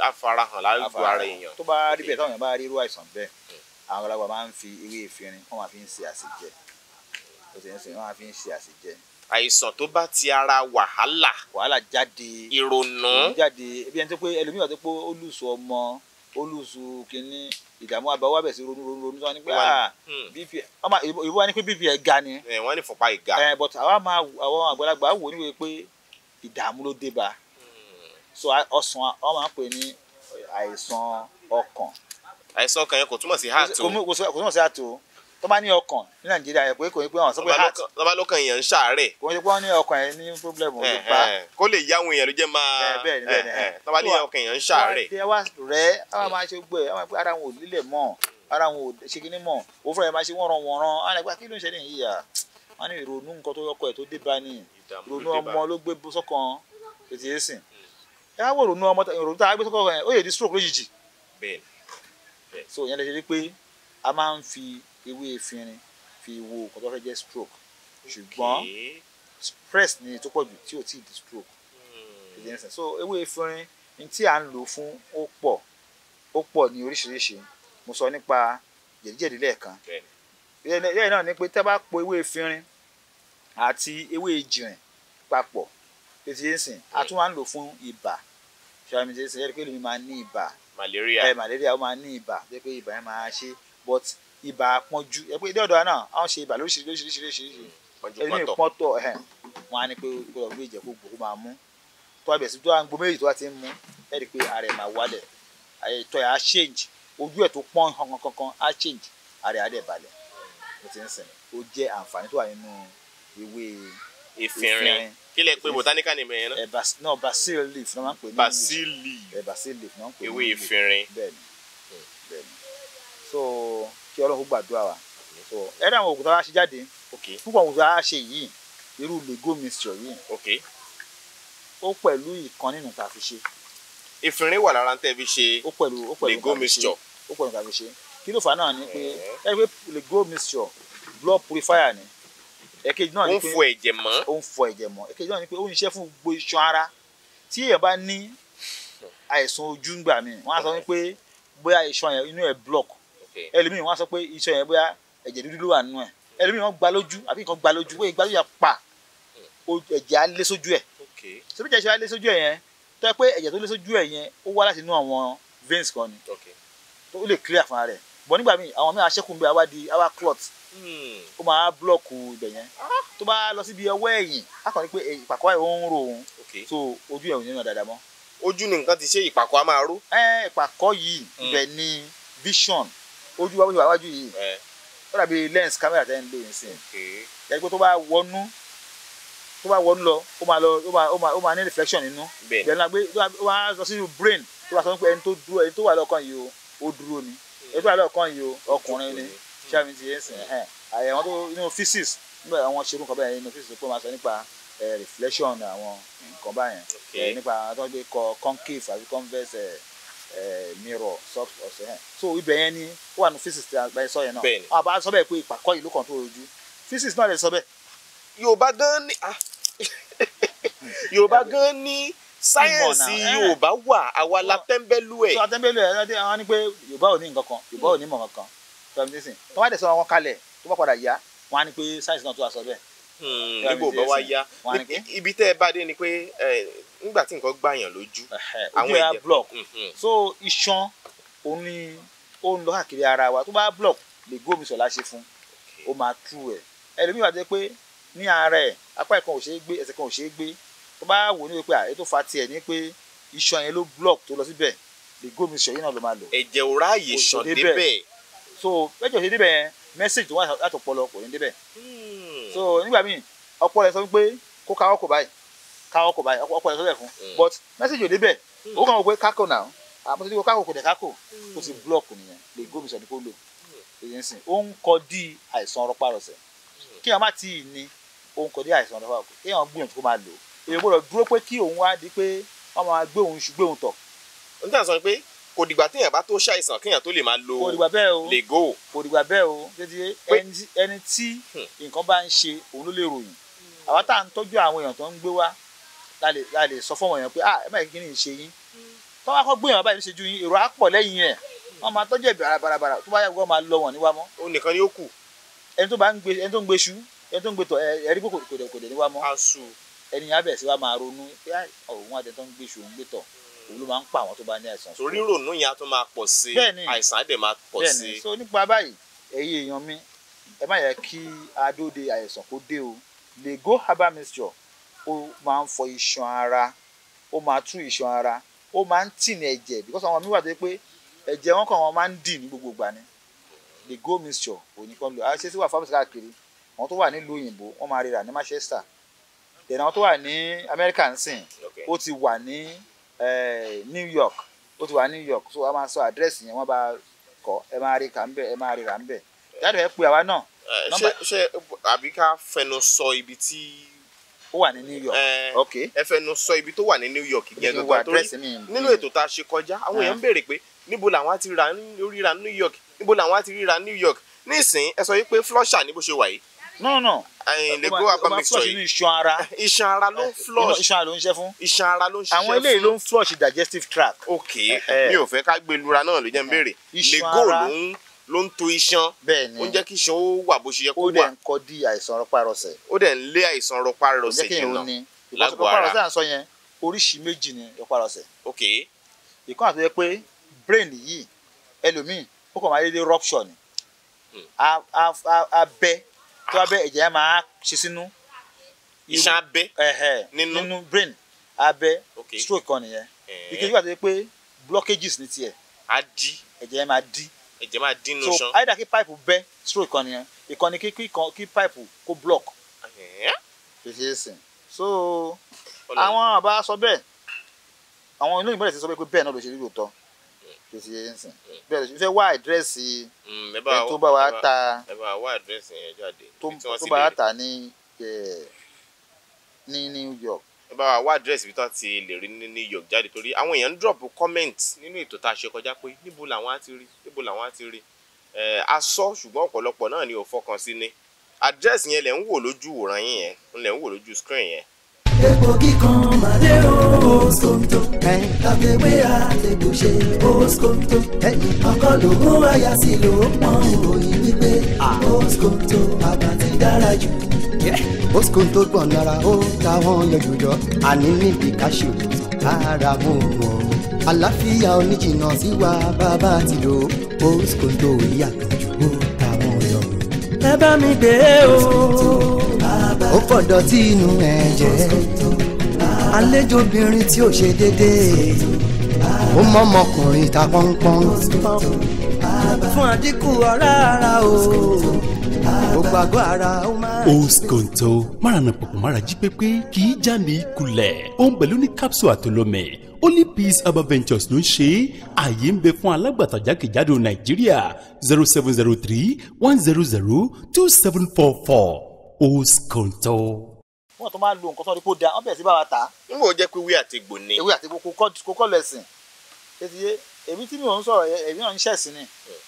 afarahàn lálùbọ̀ ara èèyàn. tó bá rí bẹ́ẹ̀ táwọn èèyàn bá rí irú àìsàn bẹ́ẹ̀ hmm. àwọn ọlọ́gbà máa ń fi ewé ìfìrin wọ́n máa fi ń ṣe àṣejẹ ó sì ń sìn wọ́n máa fi ń ṣe àṣejẹ. àìsàn tó bá ti ara wàhálà. wàhálà jáde. ìrònú. jáde ebi ẹni tó pé ẹlòmíràn tó pé ó lùsù ọmọ ó lùsù kínní ìdààmú àbáwá bẹ̀ sí ronú ronú ronú sọ ni pé bpa ọmọ ìbú wa ni pé bpa ga ni. wọ́n ní fọ̀pá ìga. ẹ but àwa máa àwọn àgbàlagbà wò níwèé pé ìdààmú ló dé bá hmm. so ọsàn wọn máa ń pè ní àìsàn ọkàn. àìsàn ọkàn yẹn kò túmọ̀ sí heart o. kò túmọ̀ sí heart o tó bá ní ọkàn ní nàìjíríà yẹ pé kò ní pé wọn sọ pé heart. tó bá lọ́kàn èèyàn ń ṣàárẹ̀. kò ní pé wọ́n ní ọkàn yẹn ní problem ló bá. kó lè yáwọn èèyàn ló jẹ́ máa tó bá ní ọkàn èèyàn ń ṣàárẹ̀. tí wọ́n rẹ̀ wọ́n máa ṣe gbọ́ ẹ̀ wọ́n máa pé ara wọn ò lílẹ̀ mọ́ ara wọn ò ṣe kí ni mọ́ òun fúnra ẹ̀ máa ṣe wọ́n ran wọ́n ran ara ah, kí ló ń ṣẹlẹ̀ yìí yà wọ́n ní ìrònú nǹkan tó yọkọ̀ ẹ̀ tó dé bá ní ìrònú ọmọ ló gbé sọ́kàn ètò yẹn sìn hmm. ẹ wá wò ìrònú ọmọ ìrònú tá a gbé sọ́kàn ẹ̀ ó yẹ di stroke lójijì so ìyẹn lè ṣe pé a máa ń fi ewé efinrin fi wo nǹkan tó fẹ́ jẹ́ stroke ṣùgbọ́n stress ni tó pọ̀ jù tí ò tí ì di stroke hmm. ìdíyẹnsẹ̀ so ewé efinrin ní tí à ń lò fún ó pọ̀ ó pọ̀ ní oríṣiríṣi mo sọ nípa jẹ̀díjẹ̀dí lẹ́ẹ̀kan lẹ́yìn náà ni pé tẹ́ bá po ewé efinrin àti ewé ejìrìn papọ̀ ìdíyẹnsìn a hmm. tún wá ń lò fún ibà ṣàmì ìdíyẹnsìn yẹ́n pé lèmi máa ní ibà malaria ẹ malaria ó máa ní ibà jẹ́ pé ibà yẹn máa ṣe but ibà pọ́njú ẹ pé dọ́dọ̀ náà àwọn ṣe ibà lóríṣiríṣi lóríṣiríṣi ẹni pọ́ntọ̀ wọn á ní pé kó lọ gbé ìjẹ́ kó gbòó máa mú tó wà bẹ̀sí tó wà ń gbó méjì tó wà ti ń mú ẹ rí i pé ààrẹ máa wálẹ̀ ààrẹ ìtọ́ yà á change ojú ẹ̀ tó pọ́n kankan kankan á change ààrẹ àdẹ̀ balẹ̀ mo ti ń sìn ó jẹ́ àǹfààní tó wà nínú ewé efinrin kí lẹ pé botanical name yẹn náà. no basil leaf ni wọ́n pè ní basil leaf basil leaf ni wọ́n pè ní ewé efinrin bẹ́ẹ̀ni bẹ́ẹ̀ni so kí ọlọ́run ó gbàdúrà wa so ẹ̀rí àwọn oògùn tó wá ṣe jáde púpọ̀ oògùn tó wá ṣe yìí irú lego mixture yìí ó pẹ̀lú ìkan nínú tá a fi ṣe. ìfìrín wà lára tẹ́ fi ṣe lego mixture ó pẹ̀lú tá a fi ṣe kí ló fà náà ni pé eh. ẹ pé lego mixture blood purifier ni èkejì náà ni pé ó ń fọ ẹ̀jẹ̀ mọ́ ó ń fọ ẹ̀jẹ̀ mọ́ èkejì náà ni pé ó ń ṣiṣẹ́ fún gbogbo iṣan ara tí èèyàn bá ní àìsàn ojú ń gbà mí wọ́n á sọ wípé bóyá iṣan inú ẹ̀ block ẹlòmíì wọn á sọ pé iṣan yẹn bóyá ẹ̀jẹ̀ dúdú ló wà nínú ẹ̀ ẹlòmíì wọn gba lójú àbí nǹkan gba lójú bóyá ìgbàlóyà pa hmm. ẹ̀jẹ̀ á lé sójú ẹ̀ sóbi jẹ́ ṣe á lé sójú ẹ̀ yẹn tọ́ pé ẹ̀jẹ̀ tó lé sójú ẹ̀ yẹn ó wá láti inú àwọn veins kan ni ó lè clear fún ara rẹ̀ bọ̀ nígbà míì àwọn mìíràn aṣẹ́kùn bíi àwa di àwa clot hmm. ó máa blọ́ọ̀kù ibẹ̀ yẹn ah. tó bá lọ síbi ọwọ́ ẹ̀yìn á kàn pé eh, ìpàkọ́ ẹ̀ ń ro òun so ojú ẹ̀ ò ní nà dáadáa mọ́. ojú ni nǹkan ti ṣe ìpàkọ́ á máa ró. ẹ ìpàkọ́ yìí hmm. ibẹ̀ ni vision ojú wa bó ṣe wà wájú yìí ó dàbí lens camera tẹ́ ń lò yín sí ẹ pé tó bá wọnú tó bá wọnú lọ ó máa lọ ó máa ó máa ó máa ní reflection nínú bẹ́ẹ̀ náà gbé ó máa lọ sínú brain tó bá sọ pé ẹni tó dúró ẹni tó wà lọ́kàn yìí o ó dúró ni ẹni tó wà lọ́kàn yìí o ọkùnrin ni ṣáàmì ti yẹn sìn ẹ̀ àwọn tó inú physics nígbà àwọn ṣerú nǹkan bẹ́ẹ̀ inú physics pé ó máa sọ nípa reflection àwọn nǹkan báyẹn nípa àwọn tó ń gbé kọ concave àti convex Uh, mirror soft ọsẹ hẹn eh. so ibẹ̀ yẹn ni ó wà ní physics tí a gbà sọ yẹn náà bẹ́ẹ̀ni àbá ah, sọ bẹ́ẹ̀ pé ìpàkọ́ yìí ló kàn tó ojú physics náà lè sọ bẹ́ẹ̀. yorùbá gan ni ah, yorùbá gan ni sáyẹ̀nsì eh. yorùbá wà àwa la tẹ́ńbẹ́lú ẹ̀. sọ tẹ́ńbẹ́lú ẹ̀ ẹ̀ wọ́n ní pé yorùbá ò ní nǹkan kan yorùbá ò ní mọ̀ kankan tọ́mídẹ́sìn tó bá dẹ̀ sọ wọn kalẹ̀ tó bá padà yá wọ́n á ní pé sáyẹ̀nsì náà tó wà sọ bẹ́ẹ̀. Hmm, nígbà ò bá wá yá ibi tẹ́ ẹ bá dé ni pé nígbà tí nǹkan gbàyàn lójú àwọn ẹ̀jẹ̀ block mhm. so iṣan òun ni ó ń lọ káàkiri ara wa tó bá block lè gómi sọ̀lá ṣe fún ó máa tú ẹ̀ ẹlòmíì wà jẹ́ pé ní ara ẹ̀ apá ìkan ò ṣeé gbé ẹsẹ̀ kan ò ṣeé gbé tó bá wò ó ní pé àyè tó fa tiẹ̀ ní pé iṣan yẹn ló block tó lọ síbẹ̀ lè gómi sọ̀yìn náà ló máa lò. ẹ̀jẹ̀ ò ráàyè sàn débẹ̀. so ẹ̀jẹ̀ ò ṣe débẹ̀ yẹn mẹ́sàgì tó wà látọpọlọ kò ní débẹ̀. Hmm. so nígbà míì ọpọlọ sọ wípé kó káwọ́ kò báyìí ká ọkọ̀ báyìí ọkọ̀ ẹ̀ but message ò débẹ̀ mm. ó kàn wọ́n pé kákò náà àmọ́tí kò kákò kò dẹ̀ kákò kò mm. sì block nìyẹn lè gómìn sọ̀dí kó lò mm. èyí sìn ó ń kọ dí àìsàn rọpárọsẹ̀ kí wọn má tí ì ní ó ń kọ dí àìsàn rọpárọsẹ̀ kí wọn gbìyànjú kó máa lò èyí gbọ́dọ̀ dúró pé kí òun wá di pé wọn máa gbé òun ṣùgbé òun tọ̀. n tàn sọ pé kò dìgbà téèyàn bá tó ṣàìsàn kéèyàn tó lè máa lo lego. kò dìgbà bẹ́ẹ̀ o ẹni tí hmm. nǹkan bá ń ṣe òun ló lè ròyìn hmm. àwa tá à ń tọ́jú àwọn èèyàn tó ń gbé wá la lè sọ fún ọmọ pé ah ẹ má kí ni ìṣe yín mm. tó bá kọ́ gbìyànjú báyìí ṣe ju yín èrò á pọ̀ lẹ́yìn ẹ̀ wọ́n máa tọ́jú ẹ̀bí bàràbàrà tó bá yàgò máa lọ wọ̀n níwá mọ́. o nìkan ni ó kù. ẹni tó bá ń gbé ẹni tó ń gbé ṣu ẹni tó ń gbé tọ ẹ rí kòkòrò kòdè kòdè níwá mọ́. aṣù. ẹni yẹn abẹ́sí wa máa ronú pé òun àti ẹni tó ń gbé ṣu òun gbé tọ̀ mm. òun ló máa ń pa àwọn tó bá ní àìsàn. torí ronú yẹn a tún máa pọ̀ sí i àìsàn á máa pọ̀ sí i. bẹ́ẹ̀ni so nípa báyìí ẹ̀yin èèyàn mi ẹ má yẹ kí adóde àìsàn kó dé o lè go herbal mixture ó máa ń fọ iṣan ara ó máa tú iṣan ara ó máa ń tì ní ẹ̀jẹ̀ because àwọn mi wà tó yẹ pé ẹ̀jẹ̀ wọn kàn wọ́n máa ń dì ní gbogbo ìgbà ni the gold mixture òní kan lò àṣẹ tí wà fábùsì káàkiri àwọn tó wà nílùú òyìnbó wọ́n máa rira ní Manchester then àwọn tó wà ní America nsìn ó ti wà ní eh, New York ó ti wà ní New York so a máa sọ àdírẹ́sì yẹn wọ́n bá kọ́ ẹ máa rí kà ń bẹ̀ ẹ máa rira ń bẹ̀ jáde ẹ pé àwa náà. Eh, ṣé ṣé àbí fẹnu sọ ibi tí ó wà ní New York. Eh, ok ẹ fẹnu sọ ibi tó wà ní New York yẹn gbogbo àtórí nínú ètò tá a ṣe kọjá àwọn èèyàn ah. ń béèrè pé níbo làwọn ti ríra New York níbo làwọn ti ríra New York nísìnyí ẹ sọ yìí pé flusher ní bó ṣe wà yìí. no no lè gbó apá mixture yìí iṣan ara iṣan ara ló ń eh, flush iṣan ara ló ń ṣe fún iṣan ara ló ń ṣiṣẹ́ fún àwọn eléyìí ló ń flush digestive tract. ok eh, mi ò fẹ́ ká gbé lura náà ló jẹ́ n béèrè lè gbó ló ń ló ń to iṣan ó ń jẹ́ kí iṣan ó wà bó ṣe yẹ kó wà ó dẹ̀ ń kọ́ di àìsàn rọpárọsẹ̀ ó dẹ̀ ń lé àìsàn rọpárọsẹ̀ jìnnà lágbo ara rọpárọsẹ̀ à ń sọ yẹn oríṣi méjì ni rọpárọsẹ̀ ok ìkan àti pé brain yìí ẹlòmíì ó kàn máa dédé rupture ni hmm. abẹ tó abẹ ẹ̀jẹ̀ yẹn máa ṣe sínú iṣan abẹ nínú brain abẹ stroke kan nìyẹn eh. ìkejì àti pé blockages ní tiẹ̀ á dí ẹ̀jẹ̀ yẹn máa dí ẹ̀jẹ̀ máa dín nù sàn. so either kí pipe bẹ́ stroke kan nìyẹn ìkànnì kí kí pipe kó block. fèsì ẹsìn so àwọn àbá sọ bẹ́ẹ̀ àwọn inú ìbọ̀lẹ̀ ti sọ pé bẹ́ẹ̀ náà ló ṣe rí lóòótọ́ fèsì ẹsìn mm. bẹ́ẹ̀ ló ṣe fẹ́ wá àdírẹ́sì mm, ẹ̀ tó bá wa ta tó bá wa ta ní eh, ní New York ẹ bá wa wá àdírẹ́sì ibi tó ti lè rí ní New York jáde torí àwọn èèyàn ń drop comment nínú ètò tá a ṣe kọjá pé níbo làwọn á ti rí níbo làwọn á ti rí ẹ a sọ ṣùgbọ́n ọ̀pọ̀lọpọ̀ náà ni ò fọkàn sí ni àdírẹ́sì yẹn lẹ̀ ń wò lójú wòran yín yẹn lẹ̀ ń wò lójú screen yẹn. epo kíkan màdé o skomto kàféwé àlejò ṣe o ọkọ lòún àyà sí lòún mọ òyìn wípé o àbàtì dára jù ó sùn tó gbọ̀n lára ó táwọn yọjú yọ àní níbi káṣù ara mú wọn. àlàáfíà oníjìnà sí wa bàbá ti lò ó sùn tó yàtọ̀ ju ó táwọn yọ. ẹ bá mi gbé e o. ó fọ̀dọ̀ tí inú ẹ̀ jẹ́ àlejò obìnrin tí ò ṣe déédéé ó mọ ọmọkùnrin ta pọ́npọ́n fún àdínkù ọ̀rá ara o. Oskonto márànà pọ̀pọ̀ mára jí pépé kì í já ní kulẹ̀ òun pẹ̀lú ní capsule àtolómẹ̀ Only Peace Herbal Ventures ló ń ṣe àyè ń bẹ fún alágbàtà jákèjádò Nàìjíríà zero seven zero three one zero zero two seven four four Oskonto. wọ́n tún máa lo nǹkan tó rí kó da wọ́n bẹ̀rẹ̀ sí bá wa tà. n kò jẹ́ pé ewé àti egbò ni. ewé àti egbò kò kọ́ lẹ́sìn èmi tí mi ò ń sọ̀rọ̀ èmi náà ń ṣẹ̀sìn ni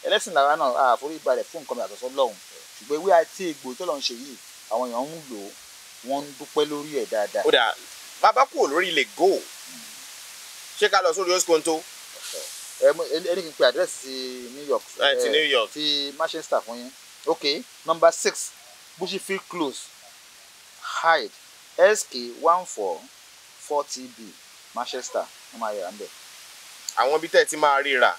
ẹlẹ́sìn làwa náà àforí balẹ̀ fún nǹkan mi àtọ̀sọ́ lọ́hùn ṣùgbọ́n ewé àti egbò tó lọ́n ṣe yìí àwọn èèyàn ń lò ó wọ́n ń dúpẹ́ lórí ẹ̀ dáadáa. ó dà bàbá kúrò lórí ilé go hmm. ṣé ká lọ sórí oskonto. ẹni kì í pe àdírẹ́sì New York ah, ti eh, New York ti Manchester fún yín ok number six Bushy Bushfield close hide SK one four forty b Manchester wọ́n máa yẹra ń bẹ̀. àwọn ibi tẹ́ ẹ ti máa ríra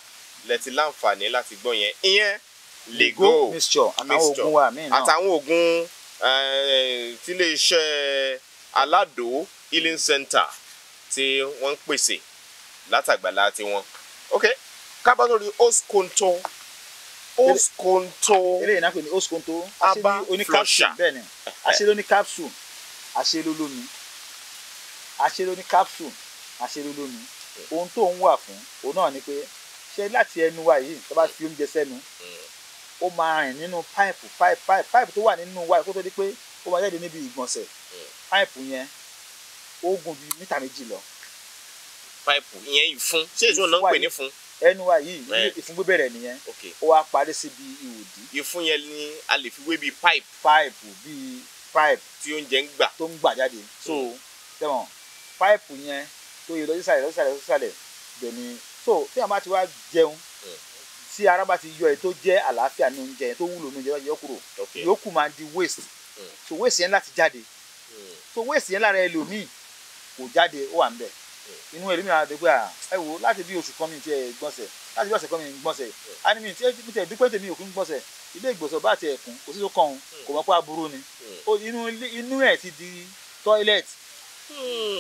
lẹ ti láǹfààní láti gbọ́ yẹn ìyẹn lego mixture àtàwọn oògùn wa míì náà àtàwọn oògùn tiléeṣẹ́ aládò healing center tí wọ́n ń pèsè látàgbàlá tiwọn ok kábà lórí oskonto oskonto eléyìí náà pè ní oskonto aba flusher bẹ́ẹ̀ ni àṣírí oní capsule àṣírí olómi àṣírí oní capsule àṣírí olómi ohun tó ń wà fún òun náà ni pé ṣe láti ẹnu wa yìí tó bá fi oúnjẹ sẹ́nu mm ó máa rìn nínú pipe pipe pipe pipe tó wà nínú wa kó tó di pé ó máa jáde níbi ìgbọ̀nsẹ̀ pipe yẹn ó gùn bíi mítà méjì lọ. pipe ìyẹn ìfun ṣé èso náà ń pè ní fun. ẹnu wa yìí ìfun gbébẹ̀rẹ̀ nìyẹn ó wá parí síbi ìwòdì. ìfun yẹn ni a lè fi wé bíi pipe. pipe bíi pipe. tí oúnjẹ ń gbà. tó ń gbà jáde. so mm. tẹ̀wọ̀n pipe yẹn tó yẹ lọ́sísàlẹ̀ lọ́sísàlẹ̀ lọ́sísàlẹ̀ bẹ̀ ni so tí àwọn bá ti wá jẹun mm tí ara bá ti yọ ẹ tó jẹ́ àlàáfíà ní oúnjẹ yẹn tó wúlò ní oúnjẹ bá yọ kúrò yòókù máa di waste hmm. so waste yẹn láti jáde hmm. so waste yẹn lára ẹlòmíì kò jáde ó wà ń bẹ̀ hmm. inú ẹlòmíì àwọn àdégbé à ẹ wò láti bí oṣù kan mi ti ẹ gbọ̀nsẹ̀ láti bí ọ̀sẹ̀ kan mi ń gbọ̀nsẹ̀ animi tí mi dúpẹ́ tèmi òkú ń ilé ìgbọ̀nsẹ̀ bá tiẹ̀ kún kò sí tó kàn kò mọ̀ pé aburú ni inú ẹ̀ ti di toilet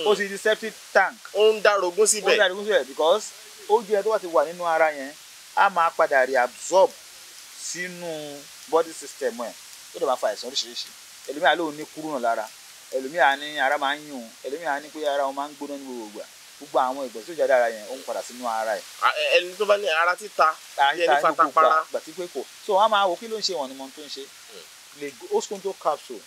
ó sì di septic tank. ó ń darogún síbẹ̀ ó ń darogún síbẹ̀ because oúnjẹ tó bá ti wà nínú ara yẹn á máa padà reabsorb sínú body system ẹ̀ tó dẹ̀ máa fa àìsàn oríṣiríṣi ẹlòmíà lóun ní kúrúnà lára ẹlòmíà ní ara máa ń yùn ẹlòmíà ní pé ara wọn máa ń gbóná ní gbogbo ìgbà gbogbo àwọn ìgbọ̀nsẹ̀ tó jáde ara yẹn ó ń padà sínú ara ẹ̀. ẹni tó bá ní ara títa ẹni fatapara gbàtí pé kò so wọn máa wo kí ló ń ṣe wọn ni mo tó ń ṣe hmm. lè oskunto capsule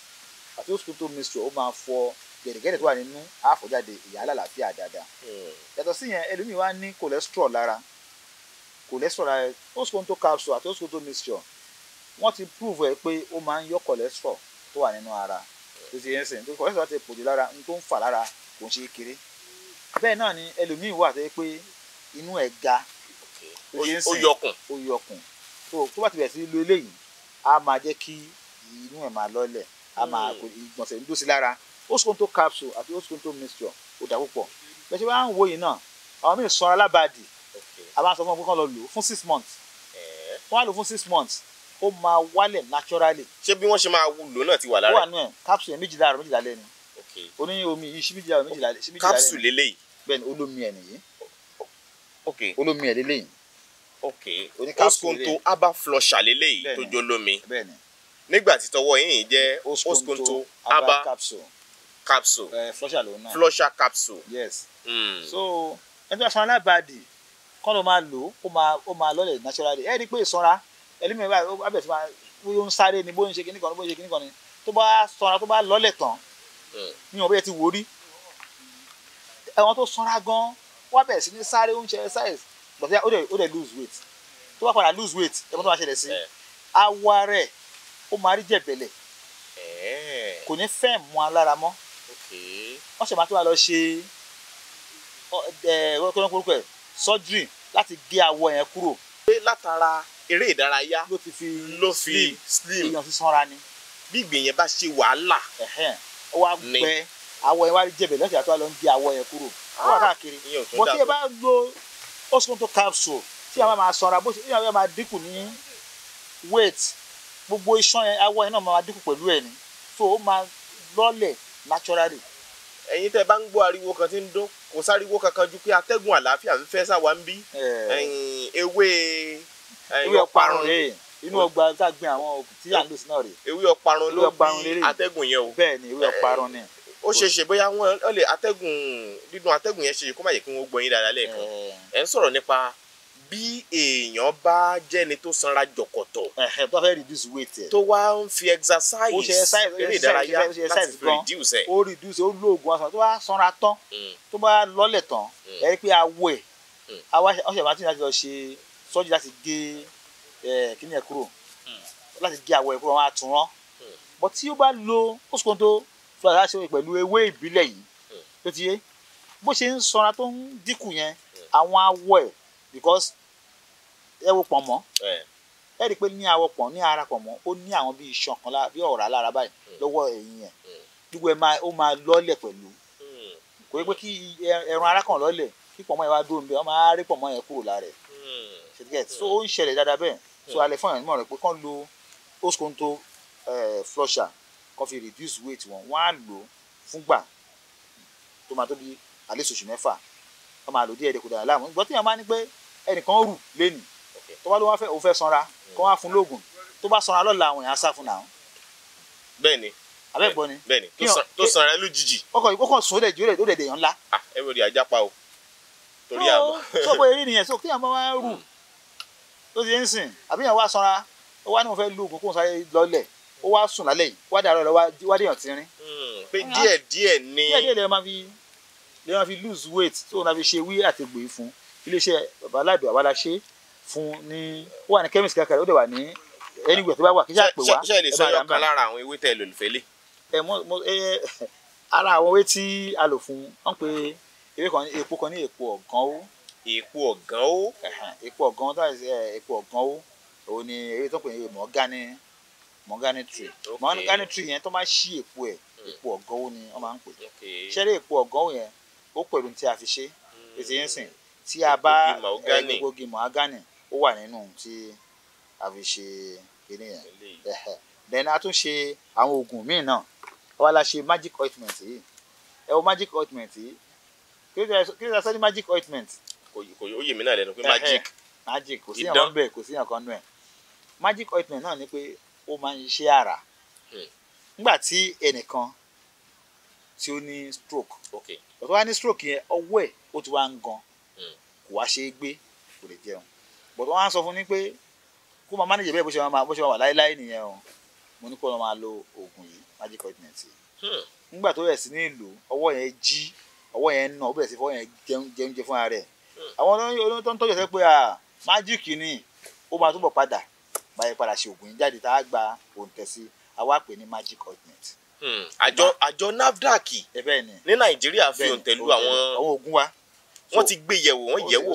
àti oskunto mixture ó máa fọ gẹ̀dẹ̀gẹ̀dẹ̀ tó wà nínú àfọ̀jáde ìyá alálàáfíà dáadáa hmm. yàtọ̀ sí yẹn ẹlòmíì wá ní cholesterol lára cholesterol ara ẹ tó sì kó tó capsule àti tó sì kó tó mixture wọ́n ti prove ẹ pé ó máa ń yọ cholesterol tó wà nínú ara tó yẹn sìn tó cholesterol ti pòjù lára n tó ń fà lára kò ń ṣe kékeré bẹ́ẹ̀ náà ni ẹlòmíín wà tó yẹ pé inú ẹ̀ ga tó ti yẹn sìn ó yọkùn tó tó bá ti bẹ̀rẹ̀ sí lo eléyìí á máa jẹ́ kí inú ẹ̀ máa lọ́lẹ̀ á máa hmm. ìgbọ̀nsẹ̀ ń dó sí lára ó sì kó tó capsule àti ó sì kó tó mixture ó dà púpọ̀ bẹ́ẹ̀ ṣe bá ń wo náà àwọn míì sanra lábàdì a bá sọ fún ọ pé kán lọ lò ó fún six months tó wà lò fún six months ó máa wálẹ̀ naturally. ṣé bí wọ́n ṣe máa wúlò náà ti wà lára. ó wà náà capsule méjì láàárọ̀ méjì lálẹ́ ni oníyìn omi yìí ṣí méjì láàárọ̀ méjì lálẹ́ ni capsule lélẹ́yìí. bẹ́ẹ̀ni olómi ẹ̀ nìyí olómi ẹ̀ lélẹ́yìí. ok oskonto aba flusher lélẹ́yìí tó jó lómi nígbà tí tọwọ́ yìnyín jẹ́ oskonto herbal capsule eh, flusher capsule. yes hmm. so ẹni tó bá kán ló máa lò ó máa ó máa lọ́lẹ̀ naturally ẹ̀ ẹ́ rí pé ìsanra ẹlẹ́mìí báyìí ó bẹ̀ tó máa bóyá ń sáré ni bóyá ń ṣe kíníkan ni bóyá ń ṣe kíníkan ni tó bá sanra tó bá lọ́lẹ̀ tán ni wọ́n bẹ́ẹ̀ ti wò rí ẹ̀wọ̀n tó sanra gan wọ́n bẹ̀rẹ̀ sí ní sáré oúnjẹ exercise gbọ̀dọ̀ ó dẹ̀ lose weight tó bá padà lose weight ẹ̀wọ̀n tó máa ṣẹlẹ̀ sí awọ rẹ̀ ó máa rí jẹ̀bẹ̀lẹ̀ kò ní fẹ́ mú alára mọ́ wọ́n sì máa tó wà lọ ṣe ẹ̀ ẹ̀ surgery láti gé awọ yẹn kúrò. pé látara eré ìdárayá ló ti fi ló fi slim èèyàn fi sanra ni. bí ìgbìn yẹn bá ṣe wàhálà. ó wá gbẹ awọ yẹn wá rí jẹbẹ lọ́sẹ̀ àtúwà ló ń gé awọ yẹn kúrò. ó wà ah! káàkiri bó tí ẹ bá lo osmoto capsule tí a máa sanra bó ṣe ìyàwó yẹn máa dínkù ní weight gbogbo iṣan yẹn awọ yẹn náà máa dínkù pẹ̀lú ẹ̀ ni so ó máa lọ́lẹ̀ naturally. ẹ̀yin tẹ́ bá ń gbọ́ ariwo kan tí ń dún kò sáriwo kankan ju pé atẹ́gùn àlàáfíà ń fẹ́ sáwa ń bí eh. ewé ọparun inú ọgbà tá a gbin àwọn òkú tí à ń lò sí náà rè. ewé ọparun ló bí atẹ́gùn yẹn o. bẹ́ẹ̀ ni ewé eh, ọparun ni. ó ṣe ṣe bóyá wọn lè atẹ́gùn dídùn atẹ́gùn yẹn ṣe kó má yẹ kí wọ́n gbọ́ yín dáadáa lẹ́ẹ̀kan. Eh. ẹ ń sọ̀rọ̀ nípa bí èèyàn bá jẹ́ni tó sanra jọ̀kọ̀tọ̀. tó fẹ́ reduce weight ẹ̀. tó wá ń fi exercise eré ìdárayá láti fi reduce ẹ̀. ó reduce ó lo oògùn aṣọ tó bá sanra tán mm. tó bá lọ́lẹ̀ tán mm. ẹ rí pé awọ ẹ̀ ọṣẹ bá ti láti lọ ṣe sọ́jú láti gé kíní ẹ̀ kúrò mm. láti gé awọ ẹ̀ kúrò wọn á tún rán bọ́ tí ó bá lo oṣù kan tó fún àdá ṣe pẹ̀lú ewé ìbílẹ̀ yìí tó ti yé bó ṣe ń sanra tó ń dínkù yẹn àwọn awọ ẹ̀ because ẹ wo pọ̀nmọ́ ẹ rí i pé ní awọ pọ̀ ní ara pọ̀nmọ́ ó ní àwọn bíi iṣan kan bí ọ̀rá lára báyìí hmm. lọ́wọ́ ẹ̀yìn ẹ̀ hmm. gbogbo ẹ̀ máa ó máa lọ́lẹ̀ pẹ̀lú hmm. kò yẹ pé kí ẹran ara kan lọ́lẹ̀ kí pọ̀nmọ́ yẹn wá dúró níbẹ̀ wọ́n máa rí pọ̀nmọ́ yẹn kúrò lára ẹ̀ ṣètìkẹ́ so ó ń ṣẹlẹ̀ dáadáa bẹ́ẹ̀ so alẹ́ fún ìrànlọ́wọ́ rẹ̀ pé kán lo oskonto flusher kán fi reduce weight wọn wọ́n á lò fúngbà tó máa tó bí alẹ́ oṣù mẹ́fà wọ́n máa lò díẹ̀ díẹ̀ kó dára láàmú ìgbọ́ tí yẹn máa ní pé tó bá ló wá fẹ́ òun fẹ́ sanra kó wá fún lóògùn tó bá sanra lọ́la àwọn èèyàn á sá fún náà. bẹ́ẹ̀ni abẹ́ gbọ́ ni bẹ́ẹ̀ni tó sanra lójijì. ọkọ yìí kókò sùn ó dẹ̀ jí ó dẹ̀ dẹ̀yàn ńlá. ẹ wò di ajá pa o torí àmọ́. sọ́kò eré nìyẹn sọ kí àwọn máa ń rù hmm. tó ti ń sìn àbíyàn wá sanra ó wá ní wọn fẹ́ lu òkú kóun sáré lọ́lẹ̀ ó wá sùn lálẹ́ yìí wá dàrọ́ lọ wá dèèyàn ti rin. Hmm, pé ah. díẹ̀ díẹ̀ ni. díẹ̀ díẹ̀ lè máa fi lè máa fi lose weight tó o náà fi ṣe wí àtẹ̀gbè fún iléeṣẹ́ bàbá aláàbẹ̀ àwa la ṣe é fún ní ó wà ní chemist kankan ó dẹ̀ wà ní anywhere tó bá wà kí ṣáà pè wá ṣe lè sọ ọ̀kan lára àwọn ewé tẹ̀ lò fẹ́lẹ̀. ẹ mo mo ẹ ara àwọn ewé tí a lò fún wọn pe ewé kan epo kan ní epo ọ̀gán ó. epo ọ̀gán ó. epo ọ̀gán ó táyà eh, epo ọ̀gán ó òun ni ewé tó pè ní mọ̀ọ́gánì mọ̀ọ́gánì tree mọ̀ọ́gánì tree yẹn tó máa ṣí epo ẹ̀ hmm. epo ọ̀gán ó ni wọ́n máa ń pè ṣẹ́rí epo ọ̀gán ó yẹn ó pẹ̀lú tí a fi ṣe ètò yẹn sìn tí a bá egbògi mọ̀ọ́gánì eh, ó wà nínú tí a fi ṣe kinní yẹn then a tún ṣe àwọn oògùn míì náà àwa la ṣe magic ointment yìí ẹ wo magic ointment yìí kí ló ṣe sọ magic ointment. kò kò ó yè mí náà lẹ́nu pé magic magic kò sí ìyànkan bẹ́ẹ̀ kò sí ìyànkan nù ẹ̀ magic ointment náà ni pé ó máa ń ṣiṣẹ́ àrà nígbà tí ẹnìkan tí ó ní stroke ọ̀tọ̀ wá ní stroke yẹn ọwọ́ ẹ̀ ó ti wá ń gan hmm. kò wá ṣe é gbé kò lè jẹun bọ̀dọ̀ wọn á sọ fún mi pé kó máa mánéjì bẹ́ẹ̀ bó ṣe máa bó ṣe máa wà láéláé nìyẹn o mo ní kó lọ máa lo oògùn yìí magic ointment yìí hmm. nígbà tó rẹ̀ sí ní ìlú ọwọ́ yẹn jí ọwọ́ yẹn nà ó bẹ̀rẹ̀ sí fọwọ́ yẹn jẹunjẹ fúnra rẹ̀ hmm. àwọn olóyún tó ń tọ́jú ẹ̀ pé magic ni ó máa túbọ̀ padà báyẹn padà ṣe oògùn yìí jáde tá a gba òǹtẹ̀sí àwa pè ní magic ointment hmm. àjọ àjọ nafdac ní nàìjíríà fi òǹtẹ̀ lu àwọn oògùn wa wọ́n ti gbé yẹ̀wò wọ́n yẹ̀wò.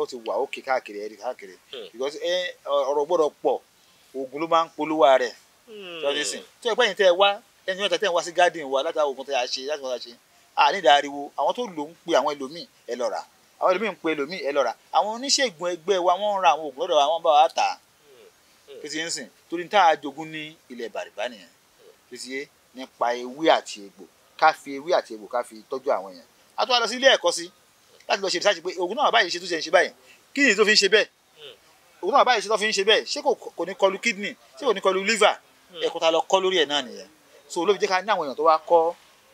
ó ti wà ókè káàkiri ẹ̀rí káàkiri hmm. because ọ̀rọ̀ gbọ́dọ̀ pọ̀ oògùn ló máa ń polówó rẹ̀ tọ́sísìn tó ẹgbẹ́ yìí tẹ́ ẹ wá ẹni wọn tẹ́ ẹ wá sí garden wa látà oògùn tẹ́ ẹ ṣe láti wọ́n ta ṣe àní ìdáriwo àwọn tó lò ń pe àwọn ẹlòmíì ẹ lọ rà àwọn ẹlòmíì ń pe ẹlòmíì ẹ lọ rà àwọn oníṣègùn ẹgbẹ́ wa wọ́n ń ra àwọn oògùn lọ́dọ̀ àwọn bá wa tà títí hmm. ń sìn torí tá a jogún ní ilẹ̀ bàrìbá nìyẹn títí hmm. yé nípa ewé àti egbò ká fi ewé àti egbò ká fi tọ́jú àwọn èèyàn a ilé ẹ̀kọ́ sí láti lọ ṣe research pé ògùn náà báyìí ṣe tó ṣe ń ṣe báyìí kí ni tó fi ń ṣe bẹ́ẹ̀ hmm. ògùn náà báyìí ṣe tó fi ń ṣe bẹ́ẹ̀ ṣé kò ní kọlu kidney ṣé kò ní kọlu liver hmm. ẹ̀kọ́ ta lọ kọ́ lórí ẹ̀ náà nìyẹn so olóbi jẹ́ ká ní àwọn èèyàn tó wá kọ́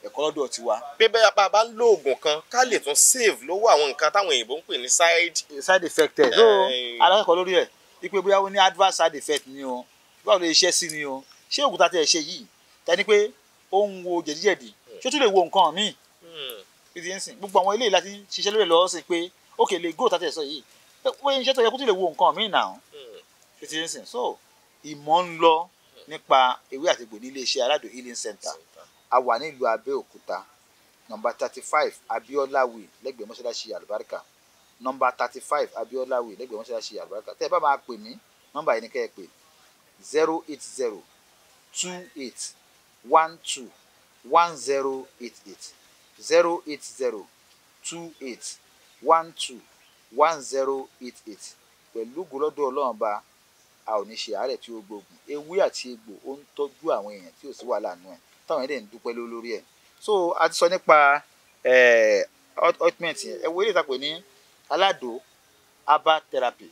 ẹ̀kọ́ lọ́dọ̀ tiwa. pé bẹ́ẹ̀ bá bá lo oògùn kan ká lè tún save lọ́wọ́ àwọn nǹkan táwọn òyìnbó ń pè ní side. Eh, side effect ẹ̀ so eh. alákẹ́kọ̀ọ́ lórí ẹ̀ ipe bóyá ó ní adverse side effect ni o báwo lè ṣe sí ni o ṣé oògùn tá a ti ẹ̀ ṣe yìí tani pé ó ń wo jẹ̀díjẹ̀dí hmm. ṣó tún lè wo nǹkan míì ìdí ń sìn gbogbo àwọn eléyìí láti ṣiṣẹ́ lórí lọ́wọ́ sí pé ok lè gò tàtẹ̀ sọ yìí pé iṣẹ́ tó yẹ kó tún lè wo nǹkan míì náà ìdí so ìmọ̀ ń lọ nípa ewé àti egbò ní iléeṣẹ́ aládùn healing center a wà nílùú Abẹ́òkúta nọmba thirty five Abiola Way lẹ́gbẹ̀ẹ́ mọ́ṣáláṣí àlùbáríkà nọmba thirty five Abiola Way lẹ́gbẹ̀ẹ́ mọ́ṣáláṣí àlùbáríkà tẹ́ ẹ bá máa pè mí nọmba yìí ni kẹ́ ẹ pè zero eight zero two eight one two one zero eight eight zero eight zero two eight one two one zero eight eight pẹ̀lú gòlọ́dọ̀ ọlọ́run ba a ò ní ṣe àárẹ̀ tí ó gbógun ewé àti egbò ó ń tọ́jú àwọn èèyàn tí ò sí wàhálà nù ẹ̀ táwọn èdè ń dúpẹ́ lórí ẹ̀ so a ti sọ nípa ointment yẹn ẹ wo eré ìtàpè ní aládò herbal therapy.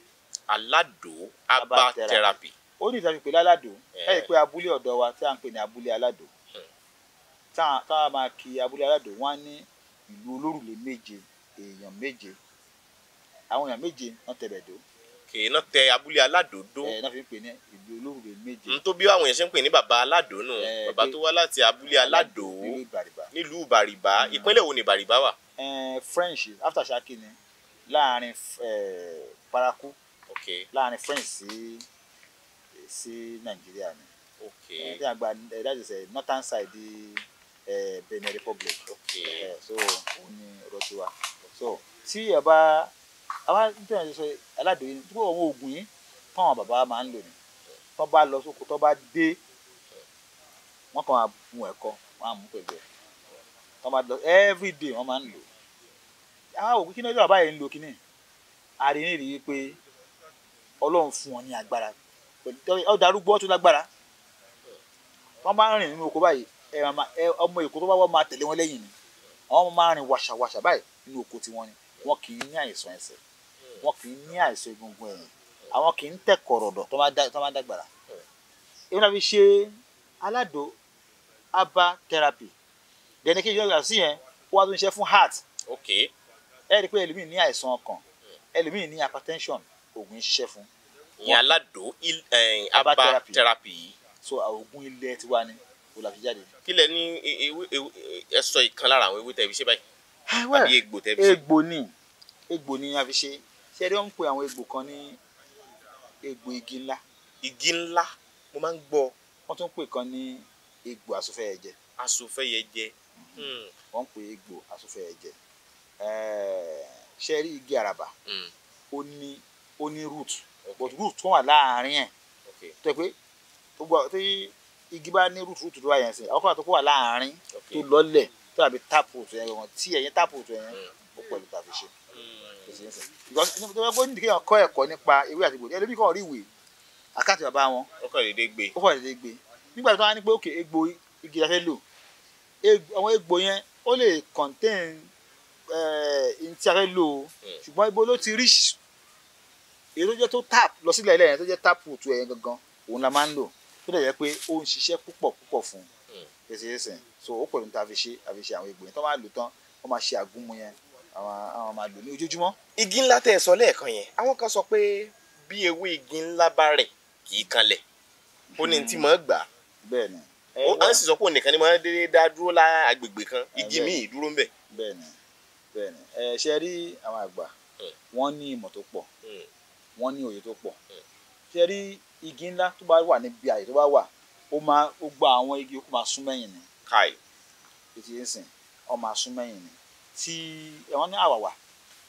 aládò herbal therapy. ó ní ìtàpè pẹ̀lú aládò ẹ̀ eh. ẹ́ pé abúlé ọ̀dọ̀ wa tí a ń pè ní abúlé aládò táwa máa kí abúlé aládùn wọn ní ìlú olórùlé méje èèyàn méje àwọn èèyàn méje wọn tẹbẹdó. kèé náà tẹ abúlé aládòdó. ẹ náà fi ń pè ní ìlú olórùlé méje. n tó bí àwọn èèyàn ṣe ń pè ní bàbá aládò nù bàbá tó wá láti abúlé aládò nílùú bàrìbà mm. ìpínlẹ̀ wo ni bàrìbà wà. french after Ṣakí ni láàrin paraku láàrin french sí sí nàìjíríà ni. ok ẹ ní àgbà ẹ dájú sẹ northern side. Eh, Benin Republic eh, so òun ni ọ̀rọ̀ so tí ẹ bá àwọn nítorí ẹ sọ aládùúgbò yìí púpọ̀ àwọn oògùn yìí táwọn bàbá máa ń lò ní tó bá lọ sóko tó bá dé wọ́n kàn máa mu ẹ̀kọ wọ́n á mú pẹ̀lú ẹ̀ tó bá lọ everyday wọ́n máa ń lò àwọn oògùn kí ni ọjọ́ bàbá yẹn ń lo kíní àríyìn rí i pé Ọlọ́run fún ọ ní agbára ọjà arúgbó lágbára wọ́n bá ń rìn nínú oko báyìí ọmọ èkó tó bá wọ́n máa tẹ̀lé wọn lẹ́yìn ni àwọn ọmọ máa rìn wàṣàwàṣà báyìí nínú oko tiwọn ni wọn kì í ní àìsàn ẹsẹ̀ wọn kì í ní àìsàn egungun ẹ̀yìn àwọn kì í tẹ̀ tó máa dàgbàrà èmi náà fi ṣe aládò aba therapy dẹni kí yọ̀ọ̀yà sí yẹn ó wá tó ń ṣe fún heart ẹ rí i pé ẹlòmíì ní àìsàn ọkàn ẹlòmíì ní hypertension oògùn ń ṣiṣẹ́ fún. ìyẹn aládò eh, aba therapy so oògùn ilẹ̀ tiwa ni èpo la fi jáde. kílẹ̀ ní e, e, e, ẹ sọ ìkan lára àwọn ewé tẹ̀bi ṣe báyìí ah, àbí egbò tẹ̀bi ṣe. egbò ni egbò ni a fi ṣe ṣe ẹni wọn ń pe àwọn egbò kan ní egbò igi ńlá. igi ńlá mo máa ń gbọ́. wọ́n tún pè kan ní egbò asofẹ́yẹjẹ. asofẹ́yẹjẹ. Hmm. wọ́n ń pe egbò asofẹ́yẹjẹ eh, ṣe rí igi àràbà hmm. ó ní ó ní root but root tó wà láàárín ẹ̀ tó yẹ pé tó gbọ́ igi bá ní rútu rútu tó wà yẹn sìn àwọn kan tó kó wà láàárín tó lọ́lẹ̀ tó dàbí táàpù tó yẹn gbọ̀ngàn tí ẹ̀yìn táàpù tó yẹn hmm. ó pẹ̀lú tàbí ṣe tó yẹ kó ní kéèyàn kọ́ ẹ̀kọ́ nípa ewé àti egbò ẹlòmíì kàn rí ìwé àkáǹtì bàbá wọn ó kàn dédé gbé nígbà tó wá ní pé òkè egbò igi la fẹ́ lò àwọn egbò yẹn ó lè contain eh, ntí a fẹ́ lò ó hmm. ṣùgbọ́n ibo ló ti reach èyí tó jẹ́ tó tap lọ sílẹ̀ ilẹ̀ yẹn tó jẹ́ tap òtún ẹ̀yẹn gangan òun la máa ń lò tó dẹ̀ yẹ pé ó ń ṣiṣẹ́ púpọ̀ púpọ̀ fún ẹsẹ̀ẹsẹ̀ hmm. so ó pẹ̀lú níta fi ṣe àfi ṣe àwọn egbò yẹn tó máa lò tán wọ́n máa ṣe àgúnmu yẹn àwọn máa lò ní ojoojúmọ́. igi ńlá tẹ ẹ sọ lẹ́ẹ̀kan yẹn àwọn kan sọ pé bí ewé igi ńlá bá rẹ̀ kì í kanlẹ̀ ó ní tí mọ̀ gbà. bẹ́ẹ̀ni. ó à ń sì sọ pé òǹkan ni mo dédé dá dúró lá agbègbè kan igi míì dúró ń bẹ̀. bẹ́ẹ̀ni bẹ́ẹ̀ni ẹ ṣe rí àwọn àgbà hmm. wọ́n ní ìmọ̀ tó pọ̀ hmm. wọ́n ní òye tó pọ̀ ṣe rí igi ńlá tó bá wà níbi àyè tó bá wà ó máa ó gba àwọn igi ó máa sún mẹ́yìn ni. káì ètò yẹn sìn ọ máa sún mẹ́yìn ni tí ẹ̀wọ̀n ní àwàwà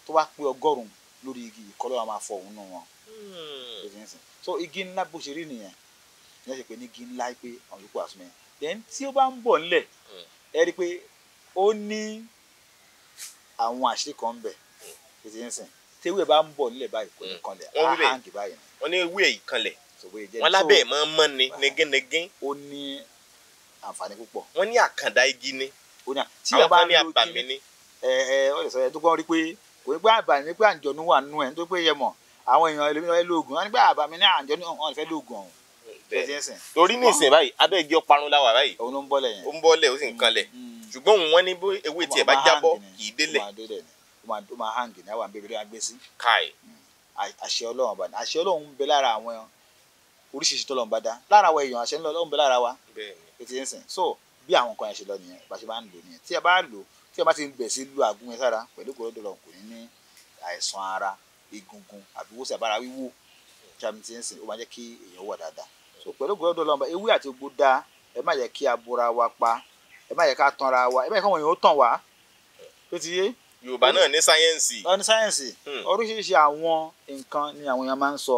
tó bá pé ọgọ́rùn-ún lórí igi ìkọlọ́ wa máa fọ òun nù wọn. ètò hmm. yẹn sìn so igi ńlá bó ṣe rí nìyẹn ìyẹn ṣe pé ní igi ńlá pé àwọn yòókù àsún mẹ́yìn then tí ó bá ń bọ̀ ńlẹ̀ hmm. ẹ rí i pé ó ní àwọn àṣírí kan hmm. ń bẹ yẹn sìn tewé bá ń bọ̀ nílẹ̀ báyìí kò ní kanlẹ̀ wọn lábẹ́ ẹ̀ máa ń mọ́ ni ah, negínegín. ó ní àǹfààní púpọ̀. wọ́n ní àkàndá igi ni àwọn kan ní àbàmì ni. ẹ ẹ wọ́n lè sọ ẹ tó kọ́ rí pé kò ní pé àbàmì ní pé àǹjọ̀nú wà nínú ẹ̀ nítorí pé yẹ mọ̀ àwọn èèyàn ẹlòmíràn ẹ lóògùn wọn ní pé àbàmì ní àǹjọ̀nú wọn fẹ́ lóògùn ọ̀hún torí ní ìsìn báyìí abẹ́ igi ọparun láwà báyìí òun ló ń bọ́lẹ̀ yẹn ó ń bọ́lẹ̀ ó sì ń mm, kanlẹ̀ mm. ṣùgbọ́n òun wọ́n ní bó ewé tiẹ̀ bá jábọ́ kì í délẹ̀ ó máa hàn gìnà wà ń bèbè ló máa káì mm. àṣẹ ọlọ́run bá àṣẹ ọlọ́run ń bẹ lára àwọn oríṣiríṣi tó lọ́n bá dá lára wa èèyàn àṣẹ ńlọ lọ́n bẹ lára wa ètò yẹn sìn so bí àwọn nǹkan yẹn ṣe lọ nìyẹn bá ṣe máa ń lò nìyẹn tí ẹ bá lò tí ẹ bá ti bẹ̀ sí lu àgún yẹn sára pẹ̀lú kòró dọ̀lọ̀ kò ní ní àìsàn ara egungun àbí àbára wíwó tí ẹ so pẹ̀lú kòró dọ̀lọ̀ ewé àti ogbó dáa ẹ má yẹ kí wa pa ẹ má yẹ ká tanra wa ẹ má yẹ káwọn ti yé yorùbá náà ní sáyẹ́ǹsì ní sáyẹ́ǹsì hmm. oríṣiríṣi àwọn nǹkan ni àwọn èèyàn máa ń sọ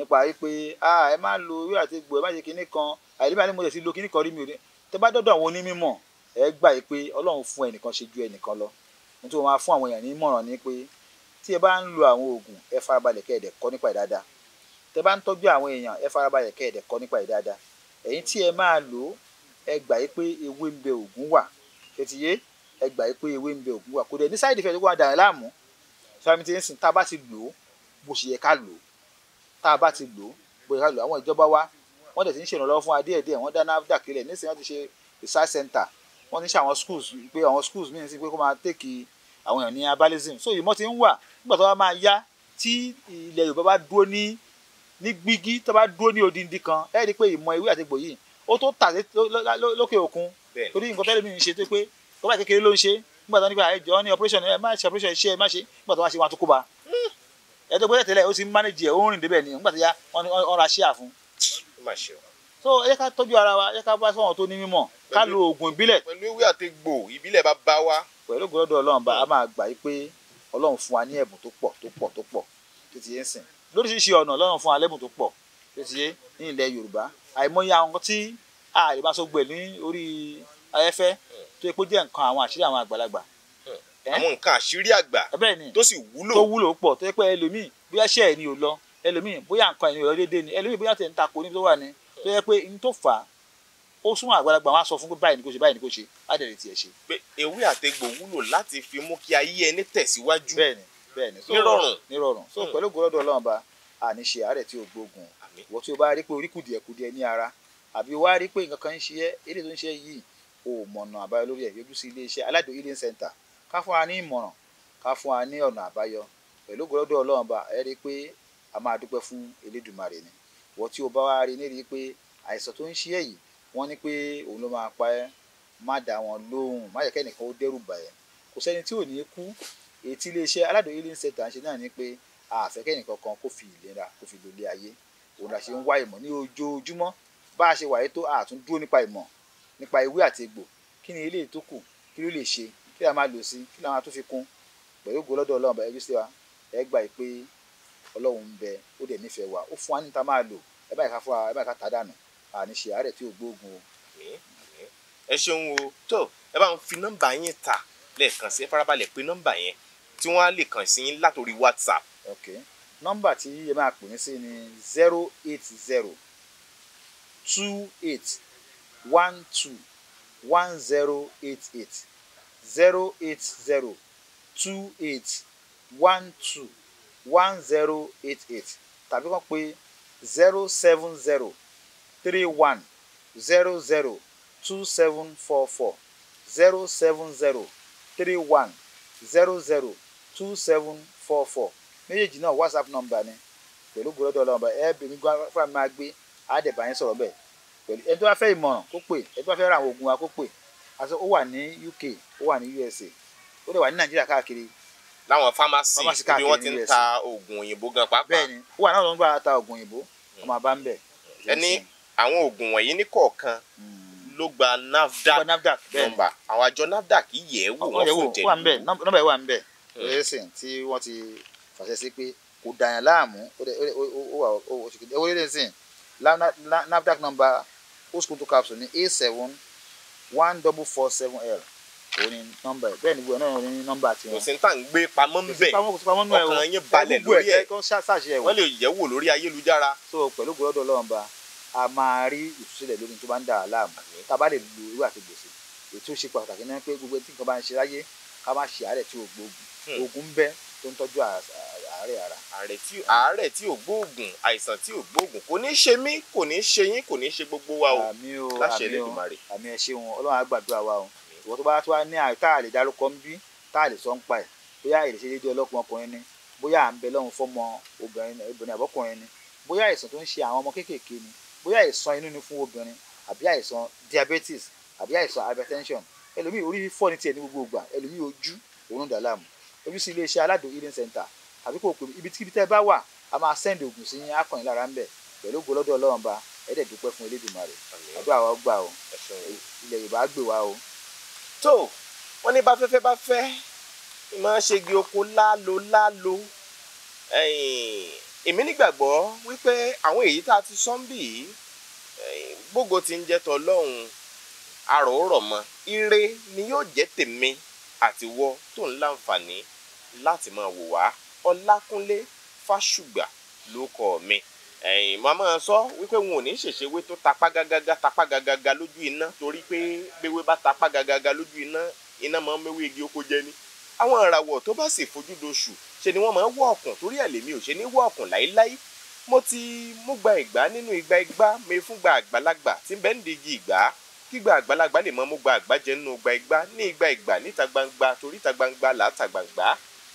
nípa wípé ẹ má lo ewé àti egbò ẹ má ṣe kinní kan àìlébà ni mo tẹ̀ sí lo kinní kan rí mi ò ní tẹ bá dọ́dọ̀ àwọn onímọ̀ ẹ gbà yìí pé ọlọ́run fún ẹnìkan ṣe ju ẹnìkan lọ nítorí wọn máa fún àwọn èèyàn ní ìmọ̀ràn ni pé tí ẹ bá ń lo àwọn oògùn ẹ farabalẹ̀ kẹ́ ẹ dẹ̀ kọ́ nípa ẹ̀ dáadáa tẹ bá ń tọ́jú àwọn èèyàn ẹ farabalẹ̀ kẹ́ ẹ dẹ̀ kọ́ nípa ẹ̀ dáadáa ẹ̀yin tí ẹ máa lò ó ẹ gbà yìí pé ewé ń bẹ oògùn wà ṣètìyé ẹ gbà yìí pé ewé ń bẹ oògùn wà kò dẹ̀ ní side effect kó wá dà láàmú sọ́wọ́n mi ti ń sìn tá a bá ti lò ó bó ṣe yẹ ká lò ó tá a bá ti lò ó bóyá lò àwọn ìjọba wa wọ́n dẹ̀ ti ń ṣèrànlọ́wọ́ fún wa díẹ̀ díẹ̀ wọ́n dá NAFDAC lẹ̀ nísìnyí wọ́n ti ṣe research center wọ́n ti ṣe àwọn schools pé àwọn schools míì sí pé kó máa tèkì àwọn èèyàn ní abalism so ìmọ̀ ti ń wà nígbà tó bá máa yá tí ilẹ̀ Yorùbá bá dúró ní ní gbígí tó bá dúró ní odindi kan ẹ rí i pé ìmọ̀ ewé àti egbò yìí ó tó tà lókè òkun torí nǹkan tẹ́lẹ̀ mi ń ṣe tó pé tó bá kékeré ló ń ṣe nígbà tó nígbà ẹjọ́ ní operation ẹ má ṣe operation iṣẹ́ ẹ má ṣe nígbà tó wá ṣe wọn àtúkùbà ẹ tó gbẹ́sẹ̀ tẹ́lẹ̀ ó ti ń mánéjì ẹ̀ ó ń rìn débẹ̀ ni nígbà tó yá wọ́n ra ṣíà fún. so ẹ ká tọ́jú ara wa ẹ ká bá sọ̀rọ̀ tó ní mímọ̀ ká lo oògùn ìbílẹ̀. pẹ̀lú ewé àti gbò ìbílẹ̀ bá bá wa. pẹ̀lú gbọ́dọ̀ ọlọ́run bá a hmm. máa gbà yí pé ọlọ́run fún wa ní ẹ̀bùn tó pọ̀ tó pọ̀ tó pọ̀ tó ti yé ń sìn lóríṣiríṣi ọ̀nà ọlọ́run fún wa lẹ́bùn tó pọ̀ tó ti yé ní ilẹ̀ Yorùbá àìmọye àwọn tí àrèbáṣogbè ní orí afẹ́fẹ́ tó yẹ kó jẹ́ nǹkan àwọn àṣírí àwọn àgbàlagbà Eh? àwọn nǹkan àṣírí àgbà eh, tó sì wúlò tó wúlò pọ̀ tó yẹ pé ẹlòmíì bóyá ṣẹ́ ẹ̀ ni ò lọ ẹlòmíì bóyá nǹkan ẹ̀ ni ò lọ déédéé ni ẹlòmíì bóyá tẹ̀ ń takò níbi tó wà ní tó yẹ pé n tó fà á ó súnmọ́ àgbàlagbà wọn á sọ fún pé báyìí ni kò ṣe báyìí ni kò ṣe á dẹ̀ lè tiẹ̀ ṣe. pé ewé àtegbò wúlò láti fi mú kí ayé ẹni tẹ̀síwájú. nírọ̀rùn nírọ̀rùn so hmm. pẹ̀lú ògùrọdọ Ọlọ́run ba àní ṣe àárẹ̀ tí o gbógun ìwọ tí o bá rí pé orí kùdìẹ̀kùdìẹ̀ ní ara àbí wá rí o mọ̀nà àbáyọ lórí ẹ̀ yọjú healing center ká fún wa ní ìmọ̀ràn ká fún wa ní ọ̀nà àbáyọ pẹ̀lú gbọ́dọ̀ ọlọ́run bá ẹ rí i pé a máa dúpẹ́ fún elédùmarè ni wọ́n tí o bá wá rí ní rí i pé àìsàn tó ń ṣe èyí wọ́n ní pé òun ló máa pa ẹ́ má dá wọn lóhùn má yẹ kẹ́nìkan ó dẹ́rù bà ẹ́ kò sẹ́ni tí ò ní kú ètí iléeṣẹ́ aládùn healing center ṣe náà ni pé àfẹ́kẹ́nìkan kan kó fi ìlera kó fi lòlé ayé òun la ń wá ìmọ̀ ní ojoojúmọ́ bá a ṣe wà yìí tó àtúndúró nípa ìmọ̀ nípa ewé àti egbò kí ni eléyìí tó kù kí ló lè ṣe kí la máa lò sí kí la máa tún fi kún pẹ̀lú ògo lọ́dọ̀ ọlọ́run bá ẹjú sí wa ẹ gbà pé ọlọ́run ń bẹ ó dẹ̀ nífẹ̀ẹ́ wa ó fún wa ní ta máa lò ẹ báyìí ká fún wa ẹ báyìí ká ta dànù àní ṣe àárẹ̀ tí ò gbóògùn o. ẹ ṣeun o tó ẹ bá ń fi nọ́mbà yín ta lẹ́ẹ̀kan sí ẹ farabalẹ̀ pé nọ́mbà yẹn tí wọ́n á lè kàn sí yín látòrí whatsapp. ok nọ́mbà tí ẹ máa pè mí sí ni zero eight zero two eight one two one zero eight eight zero eight zero two eight one two one zero eight eight tàbí kàn pé zero seven zero three one zero zero two seven four four zero seven zero three one zero zero two seven four four méjèèjì náà whatsapp number ni pẹ̀lú gbọ́dọ̀ ọlọ́mọba ẹ bèmí fúnra mi máa gbé àdẹ̀bàyẹn sọ̀rọ̀ bẹ́ẹ̀ pẹ̀lú ẹni tó bá fẹ́ ìmọ̀ràn kó pè ẹni tó bá fẹ́ ra àwọn oògùn wa kó pè aṣọ o wà ní UK o wà ní USA o dẹ̀ wà ní Nàìjíríà káàkiri. láwọn fámásì ibi wọ́n ti ń ta oògùn òyìnbó gan pàápàá. bẹ́ẹ̀ni o wà náà ló ń gbà ta oògùn òyìnbó ọmọ àbá ń bẹ. ẹni àwọn oògùn wọ̀nyí ní kọ̀ọ̀kan hmm. ló gba NAFDAC nọ́mbà àwọn àjọ NAFDAC yẹ̀ ẹ́ wò wọ́n fún jẹ́ nọ́mbà ẹ̀ wà ń bẹ hmm. ẹ̀sìn tí wọ́n ti fàṣẹ sí pé kò dàyàn láàmú ó o ó ṣèkéde ẹ̀ wọlé lẹ́sìn NAFDAC nọ́mbà o sùkúrú tó capsule ní A seven one double four seven l òun ni nọ́mbà ẹ bẹ́ẹ̀ gbogbo ẹ náà ní nọ́mbà tiwọn. kò sí tá ń gbé pamọ́ ń bẹ̀ ọkàn yín balẹ̀ lórí ẹ̀ wọ́n lè yẹ̀ wò lórí ayélujára. so pẹ̀lú gbọ́dọ̀ lọ́wọ́ a máa rí ìtúsílẹ̀ lórí tó bá ń dà á láàmú bá lè lu irú àti gbèsè ètò ṣe pàtàkì náà pé gbogbo tí nǹkan bá ń ṣe láyé ká má ṣe àárẹ̀ tí oògùn hmm. oògùn ń bẹ tó ń tọ́jú àárẹ̀ ara àárẹ̀ tí ò gbóògùn àìsàn tí ò gbóògùn kò ní ṣe mí kò ní ṣe yín kò ní ṣe gbogbo wa o láṣẹ Elédùmarè. àmì ẹ ṣeun Ọlọ́run á gbàdúrà wa o ìwọ tó bá tó wá ní àìtá àlè dárúkọ ń bí tá àlè sọ ń pa ẹ bóyá èrè ṣe déédé ọlọ́kùnrin ọkùnrin ni bóyá à ń bẹ lọ́hùn fọ́mọ obìnrin àbọ́kùnrin ni bóyá àìsàn tó ń ṣe àwọn ọmọ kéékèèké ni bóyá àìsàn inú ni fún obìnrin àbí àìsàn diabetes àbí àìsàn hypertension ẹlòmíì orí fífọ́ ní tiẹ̀ ní gbogbo ìgbà ẹlòmíì ojú òun dàlámù ojú tàbí kò pè ibi tí ibi tẹ́ bá wà a máa sẹ́ndì oògùn sí yín akọ̀yìn lára ń bẹ̀ pẹ̀lú ògo ọlọ́run ba ẹ̀ẹ́dẹ̀ dúpẹ́ fún elédùnmarè àdúrà wa gbà o ilẹ̀ yorùbá gbè wá o. tó wọn ní báfẹ́fẹ́ bá fẹ́ máa ṣe igi oko lálo lálo èmi nígbàgbọ́ wípé àwọn èyí tá a ti sọ́n bì í gbogbo ti ń jẹ́ tọ́lọ́hún arò rọ̀ mọ́ ire ni yóò jẹ́ tèmi àtiwọ́ tó ń láǹfààní láti máa wò wá ọlákúnlé fásùgbà ló kọ mi ẹ̀yìn màmá sọ wípé wọn ò ní ṣèṣewé tó tapá gàgàgà tapá gàgàgà lójú iná torí pé béwé bá tapá gàgàgà lójú iná iná máa ń méwé igi oko jẹ ni àwọn ìràwọ̀ tó bá sì fojú doṣù ṣe ni wọ́n máa ń wọ ọ̀kùn torí ẹ̀ lèmi ò ṣe ní wọ ọ̀kùn láéláé mo ti mú gba ìgbà nínú ìgbà ìgbà mi fún àgbàlagbà tí bẹ́ẹ̀ ń digi ìgbà kígbà àgbàlagbà lè máa mú gba àgbà nínú ìgbà ìgbà níta gbangba torí ìta gbangba làá gbangba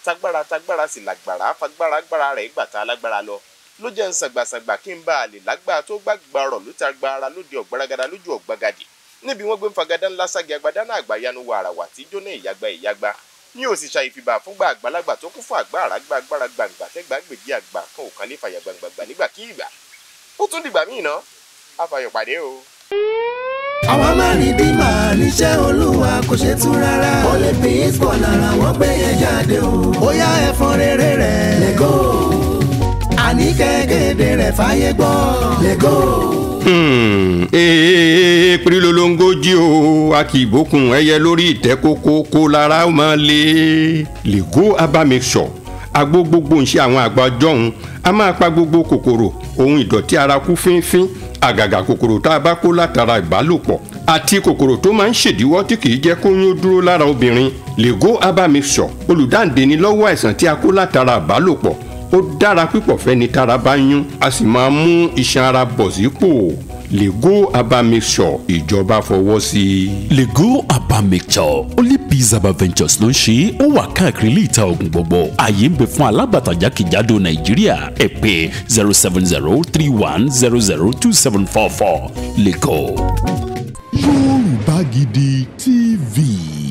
tagbára tagbára sì làgbára fagbára gbára rẹ̀ gbà tá lágbára lọ ló jẹ́ nsàgbàsàgbà kí n bá a lè lágbára tó gbàgbà rọ̀ ló ta gbára lóde ọ̀gbaragada lójú ọ̀gbagadì níbi wọ́n gbé ń fagada ńlá sági agbada náà àgbàyanu wàràwà tí jóná ìyàgbá ìyàgbá ní òṣìṣà ìfìbà fúngbà àgbàlagbà tó kún fún àgbà àràgbà agbára gbàǹgbà tẹ́gbà gbèjì àgbà kan ò kan lè fàyà gbàǹgbàǹgbà nígbà kí ìgbà ó tún dìgbà míì ná àfàyọ̀pàdé o. àwọn mẹ́rin d níṣẹ́ olúwa kò ṣe tún rárá. ó lè fi ìsbọ̀ lára wọ́n gbé yẹn jáde o. ó yá ẹ̀fọn rere rẹ̀. lego àní kẹ́kẹ́dé rẹ̀ fàyè gbọ́. lego. Hmm. ee lolongo jí o a kì í bókun ẹyẹ lórí ìtẹ́ kókó kó lára ó máa lé. lego abamisọ agbó gbogbo ń ṣe àwọn àgbà ọjọ́ a máa pa gbogbo kòkòrò ohun ìdọ̀tí ara kú fínfín àgàgà kòkòrò tá a bá kó látara ìbálòpọ̀ àti kòkòrò tó máa ń ṣèdíwọ́ tí kìí jẹ́ kó yún dúró lára obìnrin lego herbal mixture olùdáǹdeni lọ́wọ́ àìsàn tí a kó látara ìbálòpọ̀ ó dára pípọ̀ fẹ́ni tára bá yún a sì máa mú iṣan ara bọ̀ sípò. Lego Urban Mixture ìjọba fọwọ́ sí i. Lego Urban Mixture only peace urban ventures ló ń ṣe ó wà káàkiri ilé ìta ògùn gbogbo ààyè ń bẹ fún alábàtà jákèjádò Nàìjíríà ẹ pè zero seven zero three one zero zero two seven four four Lego. Yorùbá Gidi TV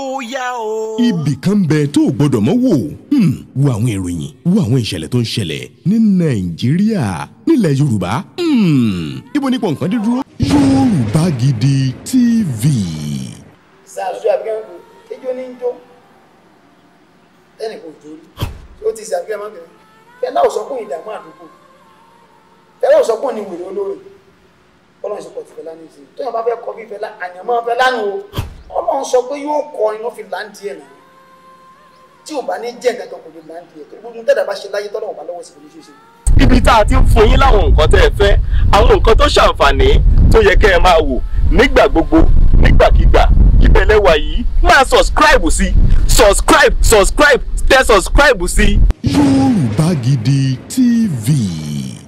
ó yá o. ibì kan bẹ tó o gbọdọ̀ mọ́ wò hmm, wo àwọn ìròyìn wo àwọn ìṣẹ̀lẹ̀ tó ń ṣẹlẹ̀ ní nàìjíríà nílẹ̀ yorùbá hmm, ibo ní pọ̀nkan dídúró. yorùbá gidi tv. ṣàṣù àbíkẹ́wò ejò ní í jó ẹnì kò jó ó ti ṣe àbíkẹ́wò máa ń bẹ̀rẹ̀ ò sọ fún ìdààmú àdúgbò fẹ́lá ò sọ fún ìwèrè olóore ọlọ́run ìṣòkò ti fẹ́lá ní ìsìn tó yàn bá fẹ́ kọ bí fẹ́lá àyànmọ́ fẹ́lá nù o ọlọ́run sọ pé yóò kọ iná fi láǹdì ẹ̀ nìyẹn tí ò bá ní jẹ́ ìdájọ́ kò lè láǹdì ẹ̀ gbogbo tẹ́lẹ̀ ṣe láyé tọ́lọ́run bá lọ́wọ́ sí kò ibi tá a ti ń fún yín láwọn nǹkan tẹ́ ẹ fẹ́ àwọn nǹkan tó ṣàǹfààní tó yẹ kẹ́ ẹ máa wò nígbà gbogbo nígbàkigbà ìbẹ̀lẹ̀ wà yìí máa subscribe sí subscribe subscribe tẹ subscribe sí. Yorùbá Gidi TV.